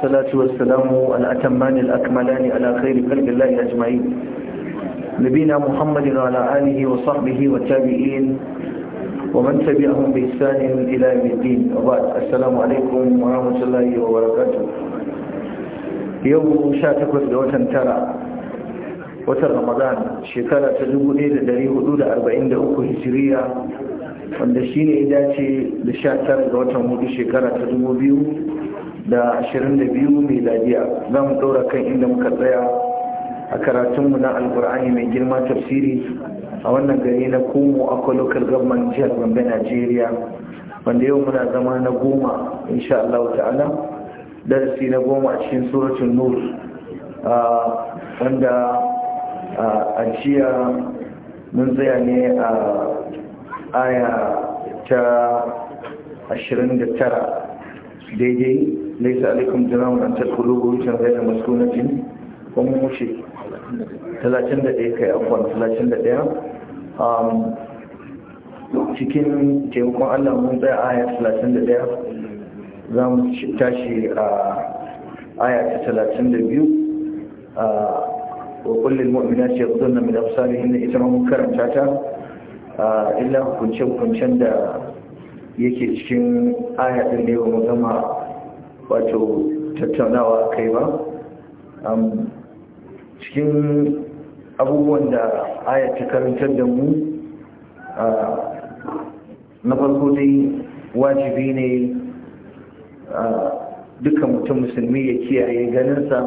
salatu wassalamu al’atammanin al’akmalani alaƙairu kalbin lai a jima’i. Nabina Muhammadin ala’alihi wa sahbihi wa tabi’in wa man tabi’ahun Yau buhu sha bidin. da watan tara. watan ramadan shekara ta 1443 hijiriya wanda shi ne ya dace da 19 ga watan hudu shekara ta 2022 meladiya za mu ɗora kan inda muka tsaya a karatunmu na alkur'ani mai girma tafsiri a wannan gari na komo akwai local government jihar gombe nigeria wanda yau muna zama na goma insha Allah ta'ala darasi na goma a cikin suratun nur ah, wanda a jiya mun tsaya ne a aya ta 29 daidai laisa alaikum jinamun an tarkulu wucin zai da masu maskunacin kuma mushe 31 kai akwai 31 um, cikin taimakon allah mun tsaya aya 31 za mu tashi a aya ta 32 وكل المؤمنات يغضن من أبصارهن إذا ما مكرم تاتا إلا كنشو كنشن دا yake cikin ayatun ne wa gama wato tattaunawa kai ba cikin abubuwan da ayata karantar da mu na farko dai wajibi ne dukkan mutum musulmi ya kiyaye ganin sa.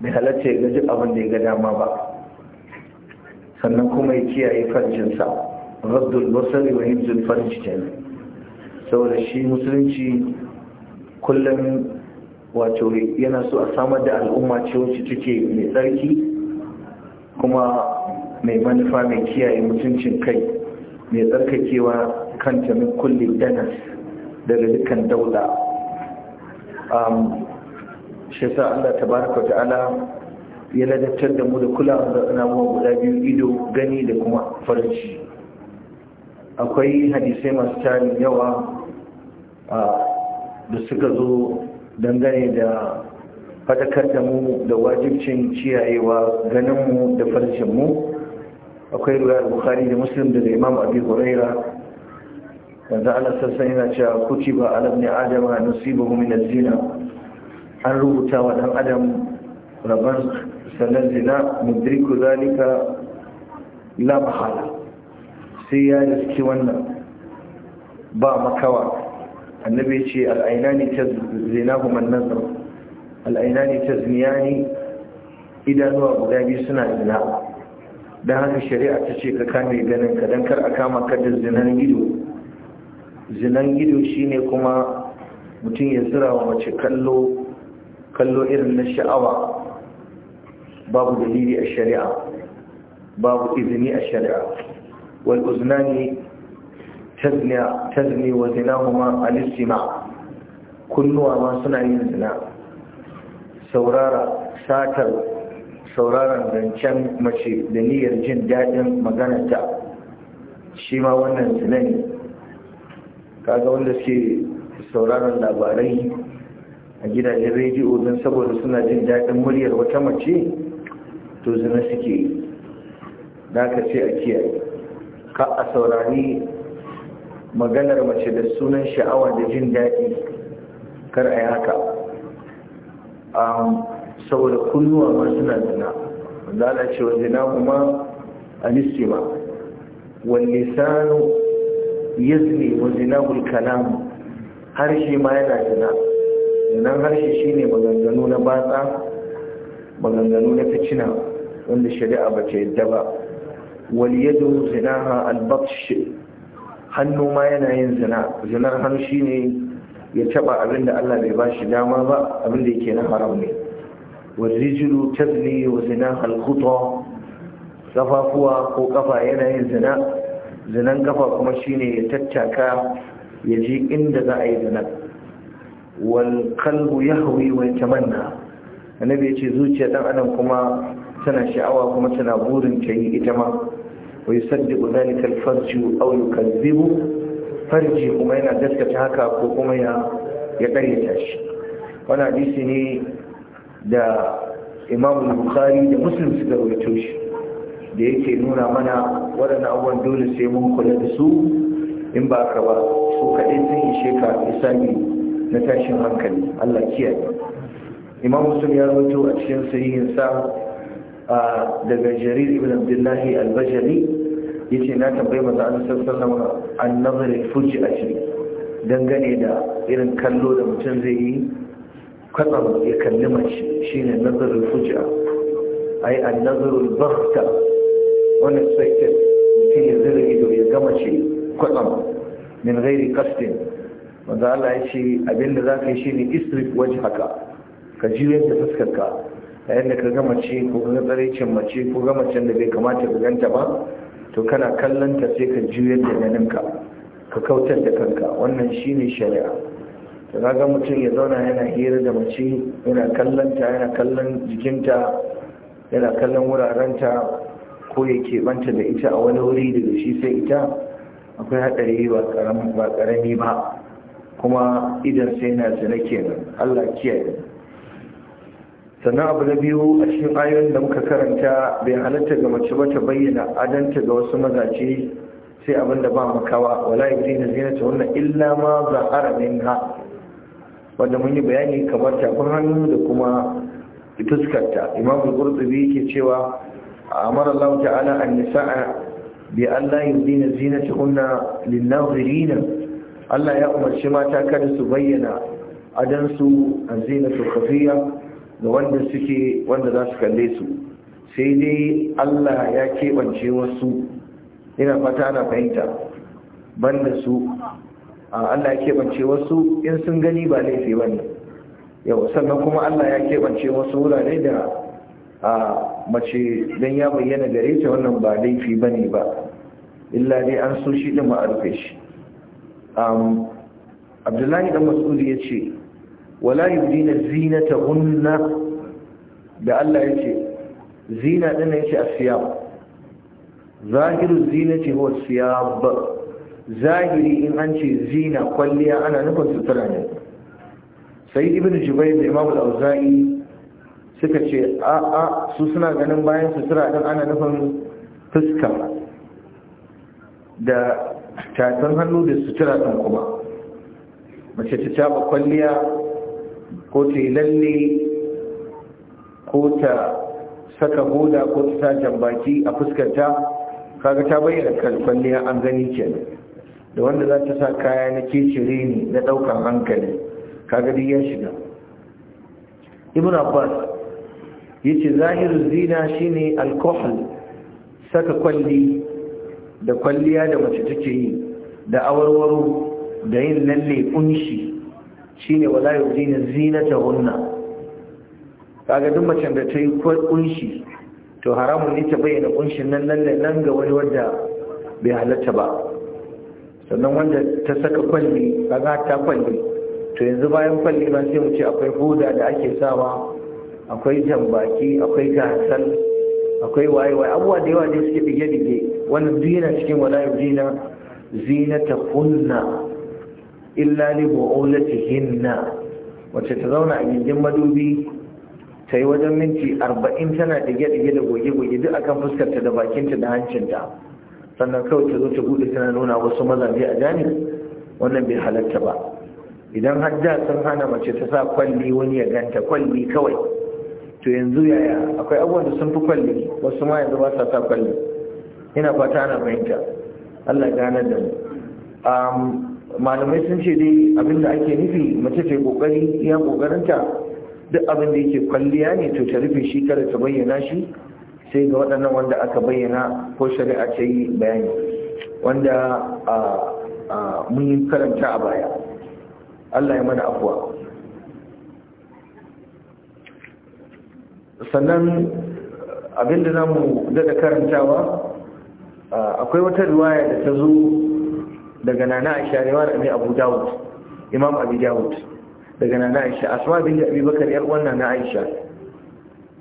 Mai halatta ya gaji abin da ya ga dama ba sannan kuma ya kiyaye farjinsa raddul basari wa hibzul farji saboda shi musulunci kullum wato yana so a samar da al'umma ce wacce take mai tsarki kuma mai manufa mai kiyaye mutuncin kai mai tsarkakewa kanta min kulle danas daga dukkan daula um, shi sa Allah tabaraka ta'ala ya ladattar da mu da kula da tsanamuwa guda biyu ido gani da kuma farinci akwai hadisai masu tarin yawa da suka zo dangane da fadakar da mu da wajibcin ciyayewa ganinmu da farcinmu akwai ruwa bukari da muslim da imam abi huraira yanzu ana sassan yana cewa kuci ba alam ne adama nasibu min zina an rubuta wa ɗan adam rabar sannan zina mudriku zalika la mahala sai ya riski wannan ba makawa annabi ce al'ainani ta zina kuma nazar al'ainani ta ziniyani idanuwa guda biyu suna zina don haka shari'a ta ce ka kame ganin ka don kar a kama ka da zinan gido zinan gido shine kuma mutum ya zira wa mace kallo kallo irin na sha'awa babu dalili a shari'a babu izini a shari'a wal uznani tazni wa zinahuma al-istima kunnuwa ma suna yin zina saurara satar sauraron zancen mace da niyyar jin daɗin maganarta shi ma wannan zina ne kaga wanda suke sauraron labarai a gidajen rediyo don saboda suna jin daɗin muryar wata mace to zina suke da ce a kiyaye ka a saurari maganar mace da sunan sha'awa da jin daɗi kar a yi haka saboda kunnuwa ma suna zina zala ce wa zina kuma a nisima wallisanu yazni wa zinahul kalam harshe ma yana zina renon harshe shine maganganu na batsa maganganu na ficina wanda shari'a ba ta yadda ba waliyadu zinaha albatsh hannu ma yana yin zina zinar hannu shine ya taba abinda Allah bai bashi dama ba abinda yake na haram ne والرجل تبني وزناها الخطى kafafuwa ko kafa yin zina zinan kafa kuma shine ya tattaka ya ji inda za a yi zinar wal ya yahwi wa yatamanna annabi ce zuciya dan adam kuma tana sha'awa kuma tana burin ta yi ita ma wa yusaddiqu dhalika al farju aw yukazzibu farji kuma yana gaskata haka ko kuma ya ya karyata shi wannan hadisi ne da Imam Bukhari da Muslim suka rawaito shi da yake nuna mana waɗannan abubuwan dole sai mun kula da su in ba ka ba su kaɗai sun yi sheka isa biyu na tashin hankali Allah kiyaye imam muslim ya rawaito a cikin sahihin sa daga jarir ibn abdullah al-bajali yace na tambaye manzo Allah sallallahu alaihi an-nazar al dangane da irin kallo da mutum zai yi kwatsam ya kalli mace shine nazar fujia ai an-nazar al bakhta wannan mutum ya zira ido ya gama ce kwatsam min ghairi qasdin maza Allah ya ce abinda za ka yi shi ne istrik waje haka ka juyar da fuskarka a yadda ka gama ce ko ga tsaraicin mace ko gama can da bai kamata ka ganta ba to kana kallon ta sai ka juyar da ganinka ka kautar da kanka wannan shi ne shari'a to ga mutum ya zauna yana hira da mace yana kallon yana kallon jikinta yana kallon wurarenta ko ya banta da ita a wani wuri daga shi sai ita akwai haɗari ba ƙarami ba kuma idan sai na zina kenan Allah kiyaye sannan abu na biyu a cikin ayoyin da muka karanta bai halatta ga mace ba ta bayyana adanta ga wasu mazaje sai abin da ba makawa wala zina ta wannan illa ma ramin ha wanda mun yi bayani kamar tafin hannu da kuma fuskarta imam al ke yake cewa amara Allah ta'ala an-nisaa bi an la ta zinatahunna lin rinan Allah ya umarci mata kada su bayyana adansu a zinatu kafiya da wanda suke wanda za su kalle su sai dai Allah ya keɓance wasu ina fata na fahimta banda su Allah ya keɓance wasu in sun gani ba laifi ba ne yau sannan kuma Allah ya keɓance wasu wurare da a mace don ya bayyana gare ta wannan ba laifi ba ne ba illa dai an so shi ɗin ma shi Um, abdullahi dan mas'udi ya ce wala ta zinatahunna da Allah ya ce zina din ya ce asiyab zahiru zinati huwa ba, zahiri in an ce zina kwalliya ana nufin sutura ne sai ibn jubair da imam al-auza'i suka ce a a su suna ganin bayan sutura din ana nufin fuska da tafin hannu da sutura ɗin kuma mace ta caba kwalliya ko ta yi lalle ko ta saka hoda ko ta sa jambaki a fuskanta kaga ta bayyana kwalliya an gani kenan da wanda za ta sa kaya na kecire ne na ɗaukan hankali kaga duk ya shiga ibn abbas yace zahirin zina shine alkohol saka kwalli da kwalliya da mace take yi da awarwaro da yin lalle kunshi shine wala yudina zinata hunna kaga duk mace da ta yi kunshi to haramun ne ta bayyana kunshin nan lalle nan ga wani wanda bai halatta ba sannan wanda ta saka kwalli kaga ta kwalli to yanzu bayan kwalli ba sai mu ce akwai hoda da ake sawa akwai jambaki akwai gasal akwai waye waye da yawa ne suke bige bige wannan duk yana cikin zina ta kunna, illa li hinna wacce ta zauna a gindin madubi ta yi wajen minti arba'in tana ɗige-ɗige da goge-goge duk akan fuskarta da bakinta da hancinta sannan kawai ta zo ta buɗe tana nuna wasu mazaje a jani wannan bai halatta ba idan har da sun hana mace ta sa kwalli wani ya ganta kwalli kawai to yanzu yaya akwai abubuwan da sun fi kwalli wasu ma yanzu ba sa sa kwalli ina fata ana fahimta Allah gane da mu malamai sun ce dai abin da ake nufi mace ta kokari iya kokarinta duk abin da yake kwalliya ne to ta rufe shi kada ta bayyana shi sai ga waɗannan wanda aka bayyana ko shari'a ta yi bayani wanda mun yi karanta a baya Allah ya mana afuwa sannan abinda za mu daɗa karantawa akwai wata riwaya da ta zo daga nana aisha riwayar ne abu dawud imam abu dawud daga nana aisha asma bin jabi bakar yar wannan na aisha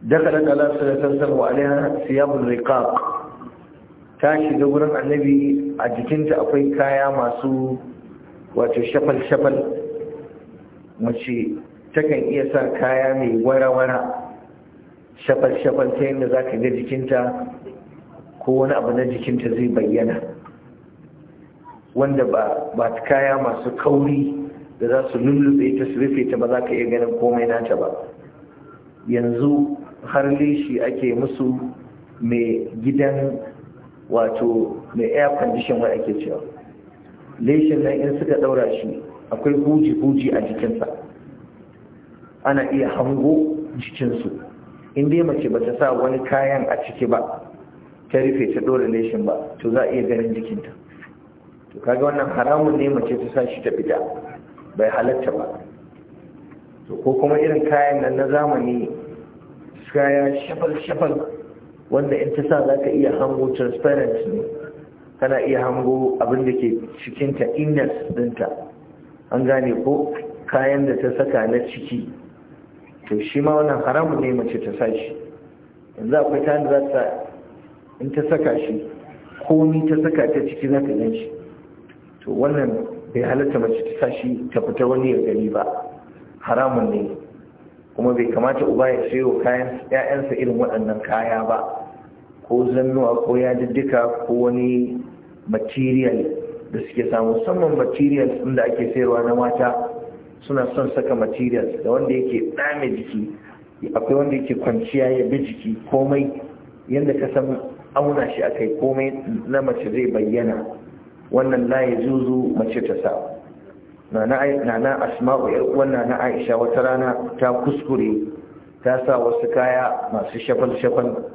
dakalat da sallallahu wa alaiha siyabun rikak ta shiga wurin annabi a jikinta akwai kaya masu wato shafal shafal mace takan iya sa kaya mai wara wara shafal shafal ta yadda ka ga jikinta ko wani abu na jikinta zai bayyana wanda ba ta kaya masu kauri da za su lullube ta su rufe ta ba za ka iya ganin komai nata ba yanzu har leshi ake musu mai gidan wato mai air condition wa ake cewa leshin na in suka ɗaura shi akwai huji-huji a jikinsa ana iya hango jikinsu in dai mace ba ta sa wani kayan a ciki ba ta rufe ta dora leshin ba to za a iya ganin jikinta to kaga wannan haramun ne mace ta sashi ta fita bai halatta ba to ko kuma irin kayan nan na zamani kaya shafal-shafal wanda in ta sa za ka iya hango transparent ne kana iya hango abin da ke cikinta inners dinta an gane ko kayan da ta saka na ciki to shi ma wannan haramun ne mace ta sashi yanzu akwai ta da za ta in ta saka shi komi ta saka ta ciki za ta to wannan bai halatta mace ta sa ta fita wani ya gani ba haramun ne kuma bai kamata uba ya sayo kayan ƴaƴansa irin waɗannan kaya ba ko zannuwa ko yadiddika ko wani material da suke samu musamman material ɗin da ake sayarwa na mata suna son saka materials da wanda yake ɗame jiki akwai wanda yake kwanciya ya bi jiki komai yadda ka san auna shi a kai komai na mace zai bayyana wannan la zuzu mace ta sa na na asma'u yar wannan na Aisha wata rana ta kuskure ta sa wasu kaya masu shafal shafal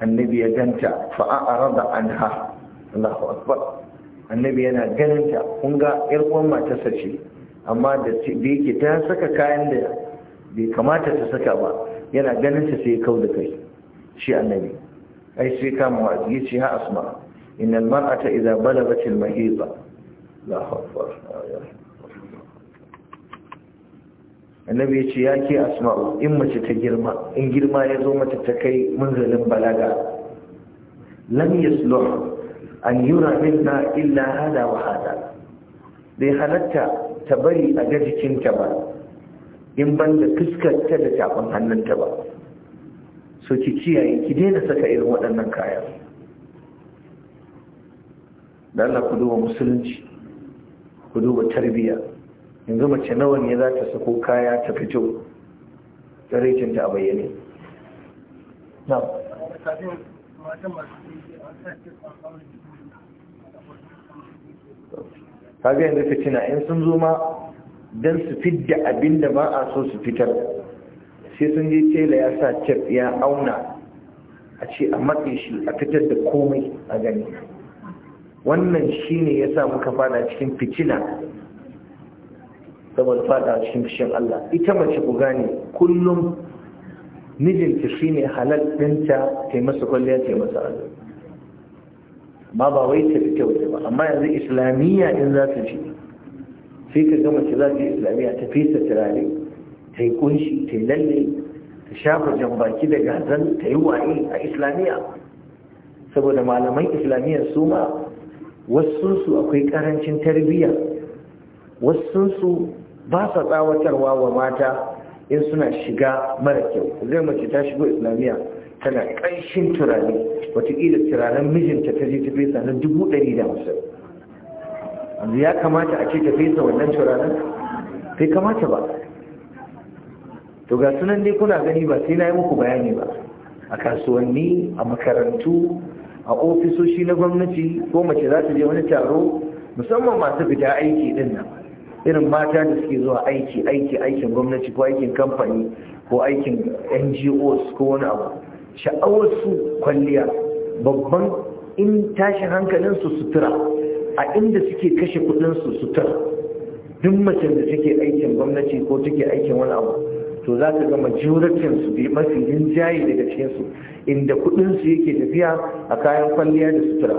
annabi ya ganta fa an anha Allahu akbar annabi yana ganinta kun ga matarsa ce amma da yake ta saka kayan da bai kamata ta saka ba yana ganinta sai kau da kai shi annabi ai sai kama ya yace ha asma innal mar'ata idza balagat al mahiza la hawfa annabi yace ya ke asma in mace ta girma in girma ya zo mata ta kai munzalin balaga lam yasluh an yura minna illa hada wa hada bai halatta ta bari a ga jikinta ba in ban da fuskarta da tafin hannunta ba so ki kiyaye ki daina saka irin waɗannan kaya da Allah ku duba musulunci ku duba tarbiyya yanzu mace nawa ne za ta sako kaya ta fito tsaraicin ta a bayyane na kaga yanzu fitina in sun zo ma don su fidda abin da ba a so su fitar sai sun je tela ya sa cef ya auna a ce a matse shi a fitar da komai a gani wannan shine ya sa muka fada cikin fitina da saboda fada cikin fishin Allah ita mace ku gane kullum mijinta shine halal ɗinta ta kwalliya ta yi masa ba wai ta fita kyau ba amma yanzu islamiyya in za ta ce sai ka ga mace za ta yi islamiyya ta fesa turare ta yi kunshi ta yi lalle ta shafa jambaki da gazan ta yi waye a islamiyya saboda malaman islamiyya su ma wasunsu akwai karancin tarbiyya wasunsu ba sa tsawatarwa wa mata in suna shiga mara kyau zai mace ta shigo islamiyya tana ƙanshin turare wataƙila turaren mijinta ta je ta fesa na dubu ɗari da hamsin ya kamata a ce ta fesa wannan turaren bai kamata ba to ga sunan dai kuna gani ba sai na yi muku bayani ba a kasuwanni a makarantu a ofisoshi na gwamnati ko mace za ta je wani taro musamman masu fita aiki din nan irin mata da suke zuwa aiki aiki aikin gwamnati ko aikin kamfani ko aikin ngos ko wani abu Sha'awar su kwalliya babban in tashi su sutura a inda suke kashe su sutura duk mace da take aikin gwamnati ko take aikin wani abu to za ka ga majoratin su bi mafi rinjaye daga cikinsu, inda kuɗinsu yake tafiya a kayan kwalliya da sutura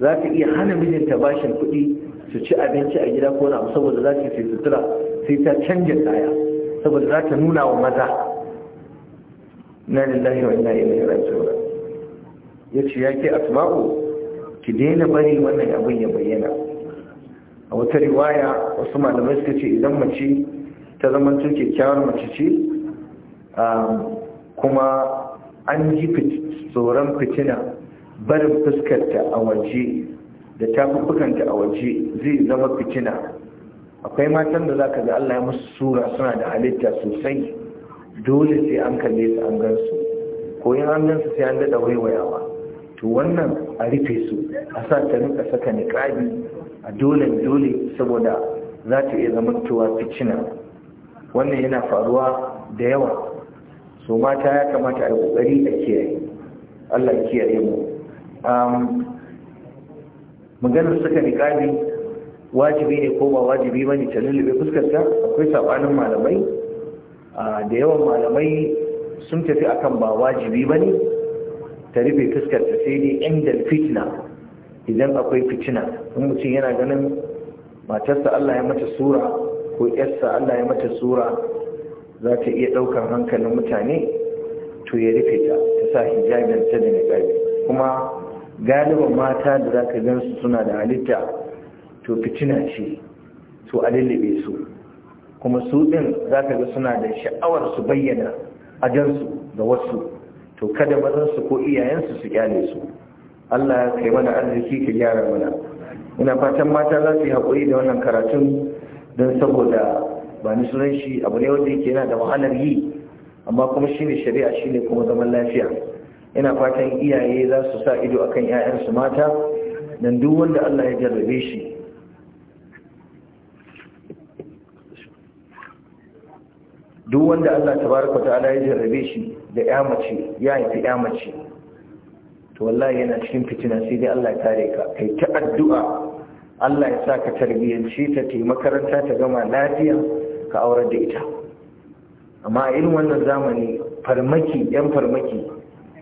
za ka iya hana mijinta bashin kuɗi su ci abinci a gida ko na saboda za ka sai sutura sai ta canja kaya saboda za ta nuna wa maza na lillahi wa inna ilaihi raji'un ya ce ya ke asma'u ki daina bari wannan abin ya bayyana a wata riwaya wasu malamai suka ce idan mace ta zamanto kyakkyawar mace ce um, kuma an ji tsoron fitina barin fuskarta a waje da tafuffukanta a waje zai zama fitina akwai matan da za ka ga Allah ya musu sura suna da halitta sosai dole sai an kalle su an gansu ko yin an gansu sai an daɗa waiwayawa to wannan a rufe su a sa ta rika saka niƙabi a dole dole saboda za ta iya zamantowa fitina wannan yana faruwa da yawa so mata ya kamata a kokari a kiyaye Allah ya kiyaye mu um, maganar suka niqabi wajibi ne ko ba wajibi ba ne ta lullube fuskarta akwai sabanin malamai da yawan malamai sun tafi akan ba wajibi ba ne ta rufe fuskarta sai dai inda fitna idan akwai fitina in mutum yana ganin matarsa Allah ya mata sura ko yarsa Allah ya mata sura za ta iya ɗaukar hankalin mutane to ya rufe ta ta sa hijabin ta da niqabi kuma galiban mata da za ka gan su suna da halitta to fitina ce to a lullube su kuma su ɗin za ka ga suna da sha'awar su bayyana ajansu ga wasu to kada mazansu ko iyayensu su kyale su Allah ya kai mana arziki ka gyara mana ina fatan mata za su yi haƙuri da wannan karatun don saboda ba nisunan shi abu ne wanda yake yana da wahalar yi amma kuma shi ne shari'a shi ne kuma zaman lafiya ina fatan iyaye za su sa ido akan 'ya'yansu mata don duk wanda allah ya jarrabe shi duk wanda Allah tabaraka ta'ala ya jarrabe shi da ƴa mace ya haifi ya mace to wallahi yana cikin fitina sai dai Allah ya kare ka kai ta addu'a Allah ya sa ka tarbiyyance ta ta makaranta ta gama lafiya ka aurar da ita amma a irin wannan zamani farmaki yan farmaki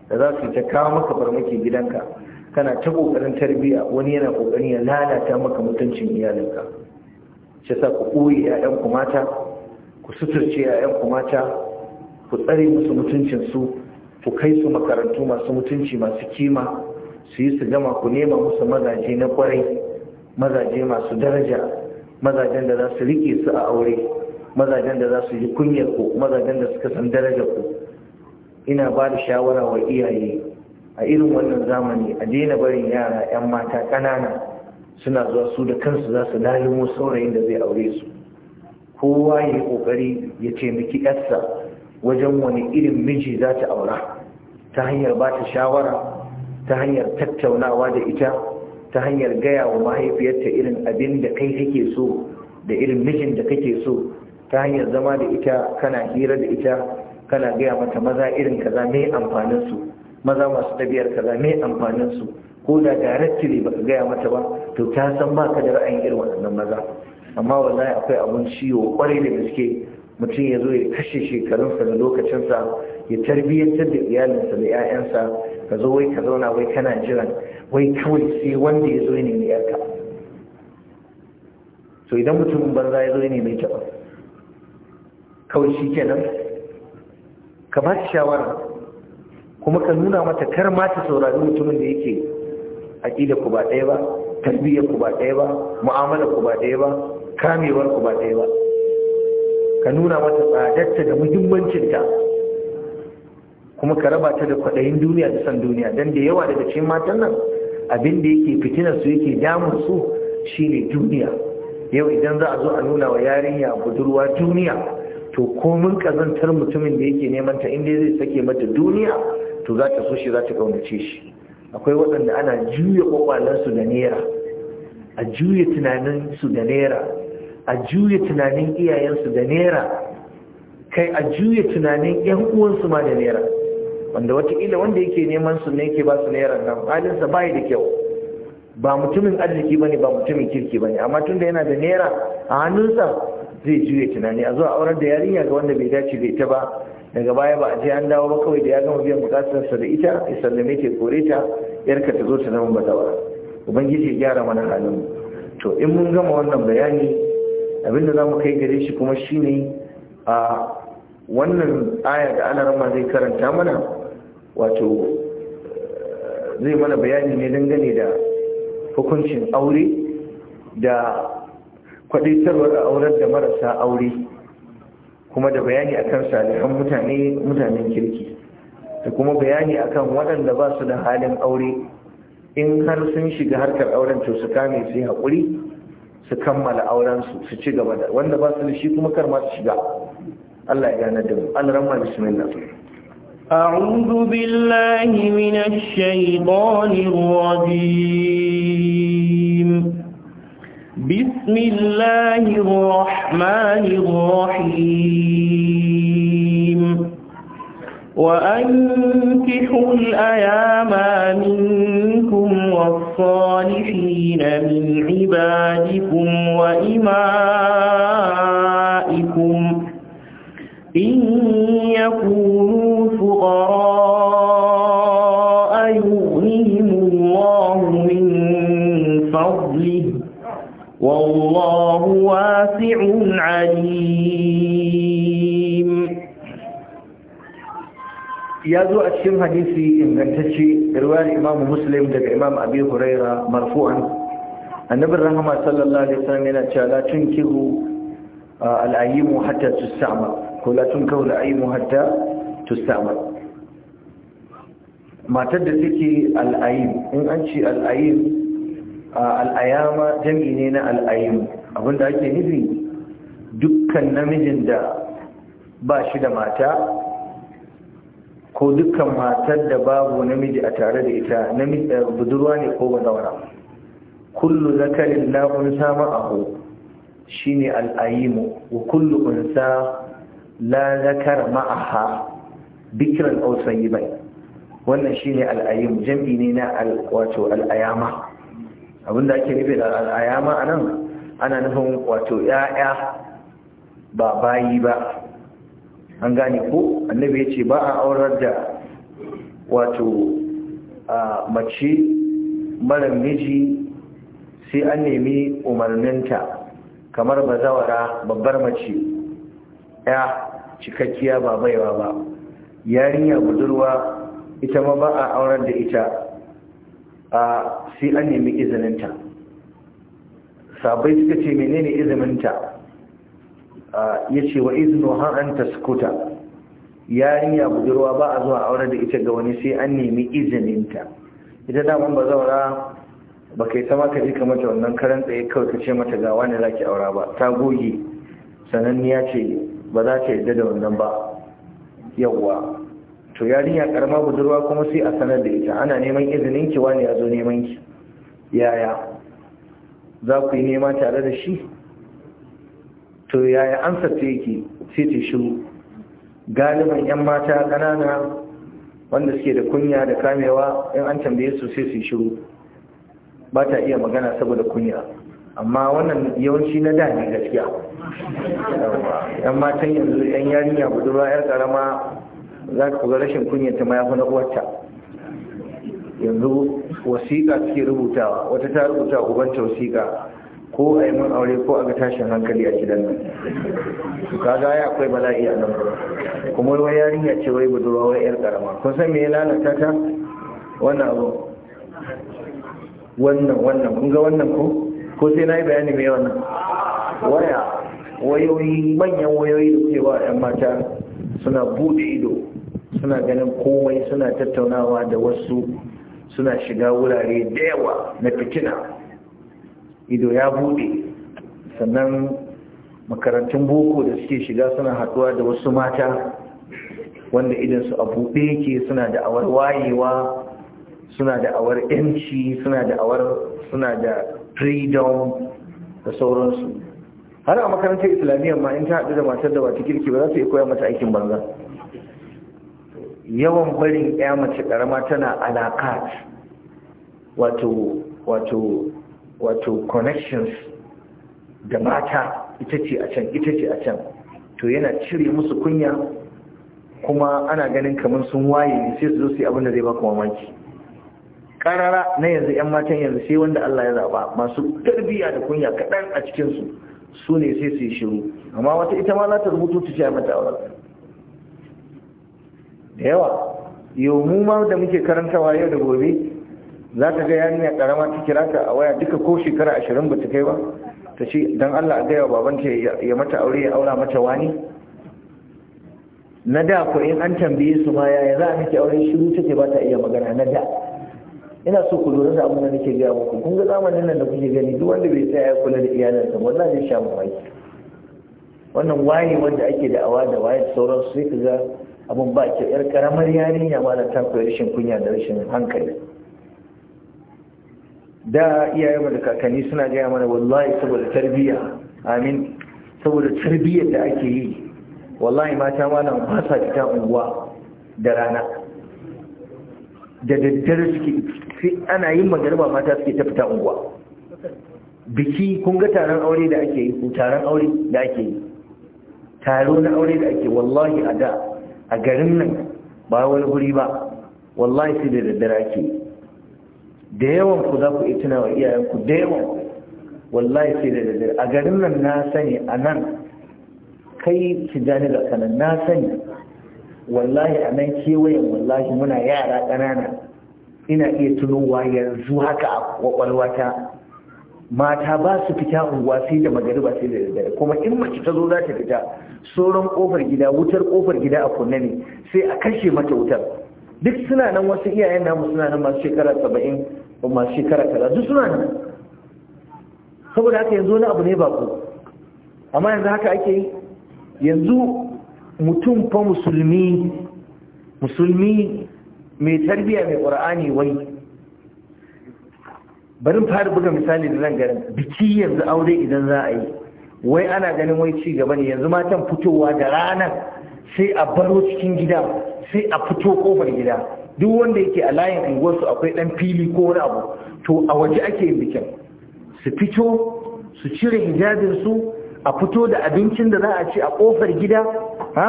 da za su ta kawo maka farmaki gidanka kana ta kokarin tarbiyya wani yana kokarin ya lalata maka mutuncin iyalinka shi sa ku ɓoye 'ya'yanku mata ku suturce 'ya'yanku mata ku tsare musu su ku kai su makarantu masu mutunci masu kima su yi su gama ku nema musu mazaje na kwarai mazaje masu daraja mazajen da za su rike su a aure mazajen da za su yi kunyar ku mazajen da suka san daraja ku ina ba da shawara wa iyaye a irin wannan zamani a daina barin yara 'yan mata ƙanana suna zuwa su da kansu za su lalimo saurayin da zai aure su kowa ya yi ƙoƙari ya taimaki yarsa wajen wani irin miji za ta aura ta hanyar ba ta shawara ta hanyar tattaunawa da ita ta hanyar gaya wa mahaifiyarta irin abin da kai kake so da irin mijin da kake so ta hanyar zama da ita kana hira da ita kana gaya mata maza irin kaza mai amfanin su maza masu tabiyar kaza mai amfanin su ko da directly baka gaya mata ba to ta san baka da ra'ayin irin waɗannan maza amma wallahi akwai abun ciwo kwarai da gaske mutum ya zo ya kashe shekarunsa da lokacinsa ya tarbiyyantar da iyalinsa da 'ya'yansa ka zo wai ka zauna wai kana jiran wai kawai sai wanda ya zo ne nemi yarka so idan mutumin banza ya zo ne nemi ta kawai shi kenan ka ba shi shawara kuma ka nuna mata kar ma ta saurari mutumin da yake aƙida ku ba ɗaya ba tarbiyyar ku ba ɗaya ba mu'amala ku ba ɗaya ba kamewar ku ba ɗaya ba ka nuna mata tsadarta da muhimmancinta kuma ka raba ta da kwaɗayin duniya da san duniya don da yawa daga cikin matan nan abin da yake fitina su yake damun su shine duniya yau idan za a zo a nuna wa yarinya budurwa duniya to komin kazantar mutumin da yake neman ta inda zai sake mata duniya to za ta so shi za ta kaunace shi akwai waɗanda ana juya kwakwalensu da naira a juya tunaninsu da naira a juya tunanin iyayensu da naira kai a juya tunanin 'yan uwansu ma da naira wanda watakila wanda yake neman su ne yake ba su naira nan halinsa bai da kyau ba mutumin arziki bane ba mutumin kirki bane amma tunda yana da naira a hannunsa zai juya tunani a zuwa auren da yarinya ga wanda bai dace bai ita ba daga baya ba a je an dawo ba kawai da ya gama biyan sa da ita ya sallame ta kore ta yarka ta zo ta zama bazawara ubangiji ya gyara mana halin to in mun gama wannan bayani abinda za mu kai gare shi kuma shine a wannan aya da ana rama zai karanta mana wato zai mana bayani ne dangane da hukuncin aure da kwadaitarwar aurar da marasa aure kuma da bayani akan salihan mutane mutanen kirki da kuma bayani akan waɗanda ba su da halin aure in har sun shiga harkar auren to su kame sai haƙuri su kammala auren su ci gaba da wanda ba su da shi kuma kar ma su shiga Allah ya gane da mu Allah rahma bismillah أعوذ بالله من الشيطان الرجيم بسم الله الرحمن الرحيم وأنكحوا الأيام منكم والصالحين من عبادكم وإمائكم إن يكونوا الفقراء يغنيهم الله من فضله والله واسع عليم ya zo a cikin hadisi ingantacce riwayar imam muslim daga imam abi huraira marfu'an annabin rahama sallallahu alaihi wasallam yana cewa la tunkihu uh, al'ayyimu hatta tusama ko la tunkihu al'ayyimu hatta tusama matar da take al'ayim in an ce al'ayim al'ayama jami ne na al'ayim abinda ake nufi dukkan namijin da ba shi da mata ko dukkan matar da babu namiji a tare da ita eh, budurwa ne ko bazawara kullu zakarin la'un sama aho shi ne al'ayimu wa kullu unsa la zakar ma'aha bikiran ausayi bai wannan shine al'ayyim jam'i ne na wato al'ayama abinda ake nufi da a nan ana nufin wato ya'ya ba bayi ba an gane ko annabi ya ce ba a aurar da wato mace mara miji sai an nemi umarninta kamar bazawara babbar mace ya cikakkiya ba baiwa ba yarinya budurwa ita ma ba a auren da ita a sai an nemi izininta sabai suka ce menene izininta ya ce wa izinu har an taskuta ya budurwa ba a zuwa auren da ita ga wani sai an nemi izininta ita daman ba zaura ba kai sama ka jika mata wannan karan tsaye kawai ka ce mata ga wani za ki aura ba ta goge sananniya ce ba za ta yadda da wannan ba yawwa to yarinya karama budurwa kuma sai a sanar da ita ana neman izinin ki wani ya zo neman ki yaya za ku yi nema tare da shi to yaya an sace yake sai ta shiru galiban yan mata ƙanana wanda suke da kunya da kamewa in an tambaye su sai su shiru ba ta iya magana saboda kunya amma wannan yawanci na da ne gaskiya yan matan yanzu yan yarinya budurwa yar karama za ka ga rashin kunyata ma ya fi na uwarta yanzu wasiƙa suke rubutawa wata ta rubuta ubanta wasiƙa ko a yi mun aure ko a ga tashin hankali a gidan nan su kaga ya akwai bala'i a nan kuma wani ya ce wai budurwa wai yar karama kun san me ya lalata ta wannan abu wannan wannan kun ga wannan ko ko sai na yi bayani mai wannan waya wayoyi manyan wayoyi da ke wa 'yan mata suna bude ido suna ganin komai suna tattaunawa da wasu suna shiga wurare da yawa na fitina ido ya bude sannan makarantun boko da suke shiga suna haduwa da wasu mata wanda su a bude yake suna da awar wayewa suna da awar yanci suna da awar suna da freedom da sauransu har a makarantar islamiyyar ma in ta haɗu da matar da wata kirki ba za su iya koya mata aikin banza yawan barin ya mace karama tana alakat wato wato wato connections da mata ita ce a can ita ce a can to yana cire musu kunya kuma ana ganin kamar sun waye ne sai su zo su yi abin da zai baka mamaki karara na yanzu 'yan matan yanzu sai wanda Allah ya zaba masu tarbiya da kunya kaɗan a cikinsu su ne sai su yi shiru amma wata ita ma za ta rubutu ta ce mata auren da yawa yau mu ma da muke karantawa yau da gobe za ka ga yarinya karama ta kira ta a waya duka ko shekara ashirin ba ta kai ba ta ce don allah a gaya babanta ya mata aure ya aura mata wani na da ku in an tambaye su ma yaya za a nake aure shiru ta ke ba ta iya magana na da ina so ku lura da abin da nake gaya muku kun ga zamanin nan da kuke gani duk wanda bai tsaya ya kula da iyalansa wallahi zai sha mamaki wannan waye wanda ake da awa da waye sauransu sai ka ga abun ba ke yar karamar yarinya ma na koyi rashin kunya da rashin hankali da iyaye da kakanni suna gaya mana wallahi saboda tarbiyya amin saboda tarbiyyar da ake yi wallahi mata malam ba sa fita unguwa da rana da daddare suke ana yin magariba mata suke ta fita unguwa biki kun ga taron aure da ake yi ko taron aure da ake yi taro na aure da ake wallahi a da a garin nan ba wani guri ba wallahi sai da daddare ake da yawan ku za ku iya tuna wa iyayenku da yawan wallahi sai da daddare a garin nan na sani a nan kai ki jani da kanan na sani wallahi a nan kewayen wallahi muna yara ƙanana ina iya tunowa yanzu haka a kwakwalwata mata ba su fita unguwa sai da ba sai da daddare kuma in mace ta zo za ta fita sauran kofar gida wutar kofar gida a kunne ne sai a kashe mata wutar duk suna nan wasu iyayen namu suna nan masu shekara saba'in masu shekara kaza duk suna nan saboda haka yanzu wani abu ne ba ku amma yanzu haka ake yi yanzu mutum fa musulmi musulmi mai tarbiyya mai ƙur'ani wai bari fara buga misali da nan garin biki yanzu aure idan za a yi wai ana ganin wai ci gaba ne yanzu matan fitowa da ranar sai a baro cikin gida sai a fito kofar gida duk wanda yake a layin unguwarsu akwai dan fili ko wani abu to a waje ake yin bikin su fito su cire hijabinsu a fito da abincin da za a ci a kofar gida ha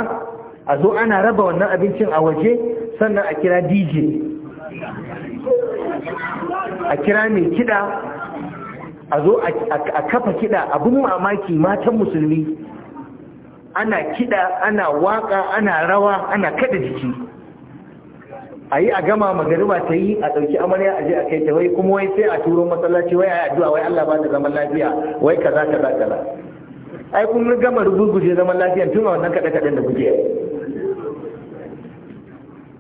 a zo ana raba wannan abincin a waje sannan a kira dj a kira mai kiɗa a zo a kafa kiɗa abin mamaki matan musulmi ana kiɗa ana waka ana rawa ana kada jiki a yi a gama magariba ta yi a ɗauki amarya a je a kai ta wai kuma wai sai a turo masallaci wai a addu'a wai Allah ba ta zaman lafiya wai kaza kaza kaza ai kun gama rugurguje zaman lafiya tun a wannan kaɗe-kaɗen da kuke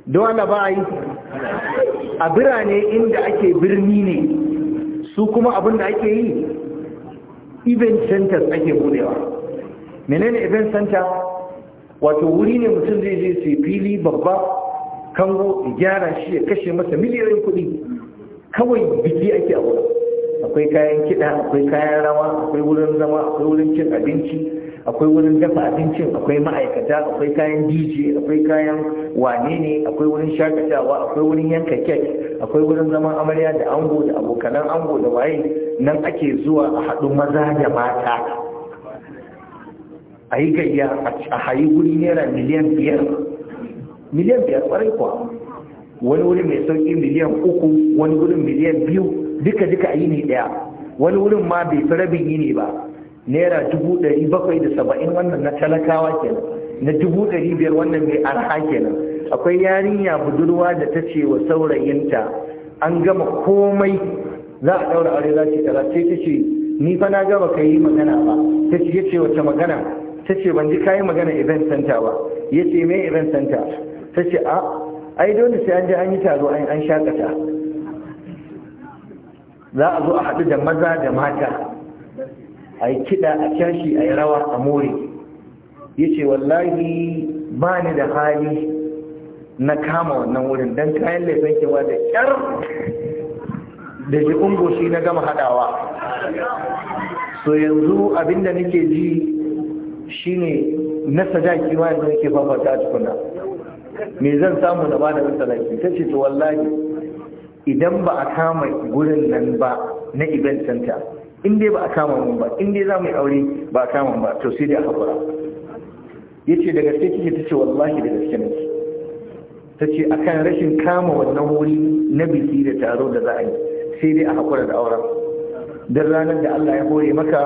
don Allah ba a yi a birane inda ake birni ne su kuma abin da ake yi event center ake budewa menene event center wato wuri ne mutum zai je su fili babba kango gyara shi ya kashe masa miliyoyin kuɗi kawai biki ake a akwai kayan kiɗa akwai kayan rawa akwai wurin zama akwai wurin cin abinci akwai wurin dafa abincin akwai ma'aikata akwai kayan dj akwai kayan wane ne akwai wurin shakatawa akwai wurin yanka kek akwai wurin zaman amarya da ango da abokanan ango da waye nan ake zuwa a haɗu maza da mata a yi gayya a hayi wuri naira miliyan biyar miliyan biyar kwarai kuwa wani wuri mai sauƙi miliyan uku wani wurin miliyan biyu duka duka a yi ne ɗaya wani wurin ma bai fi rabin yi ne ba naira dubu ɗari bakwai da saba'in wannan na talakawa kenan na dubu ɗari biyar wannan mai arha kenan akwai yarinya budurwa da ta ce wa saurayinta an gama komai za a ɗaura aure za ta tara sai ta ce ni fa na gama ka yi magana ba ta ce ya ce wace magana ta ce ban ji kayi magana event center ba ya ce me event center ta ce a ah, ai dole sai an je an yi taro an shakata za a zo a haɗu da maza da mata a yi kiɗa a kyashi a yi rawa a more ya ce wallahi ba ni da hali na kama wannan wurin don kayan laifin kewa da ƙyar da ji ungoshi na gama haɗawa so yanzu abinda nake ji shine na sadaki ma yanzu nake fafata a cikuna me zan samu da ba da sadaki ta ce ta wallahi idan ba a kama gurin nan ba na event center in dai ba a kama mun ba in dai za mu yi aure ba a kama ba to sai dai a haƙura ya ce da gaske kike ta ce wallahi da gaske ne ta ce a kan rashin kama wannan wuri na biki da taro da za a yi sai dai a haƙura da auren don ranar da Allah ya hore maka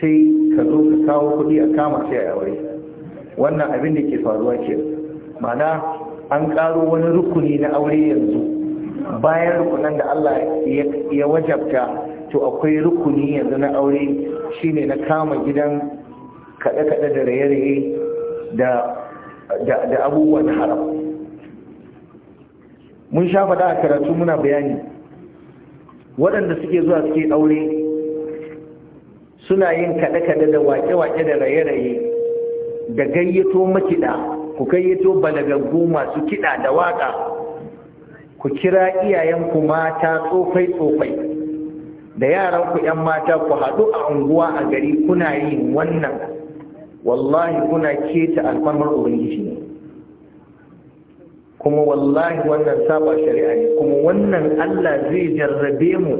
sai ka zo ka kawo kuɗi a kama sai a aure wannan abin da ke faruwa ke ma'ana an ƙaro wani rukuni na aure yanzu bayan rukunan da Allah ya wajabta to akwai rukuni yanzu na aure shine na kama gidan kaɗe-kaɗe da raye-raye da abubuwan haram mun sha faɗa a karatu muna bayani waɗanda suke zuwa suke aure suna yin kaɗe-kaɗe da waƙe-waƙe da raye-raye da gayyato makiɗa ku gayyato balagaggu masu kiɗa da waƙa ku kira iyayenku mata tsofai-tsofai da yaran ku yan mata ku haɗu a unguwa a gari kuna yin wannan wallahi kuna keta alfarmar ubangiji ne kuma wallahi wannan saba shari'a ne kuma wannan Allah zai jarrabe mu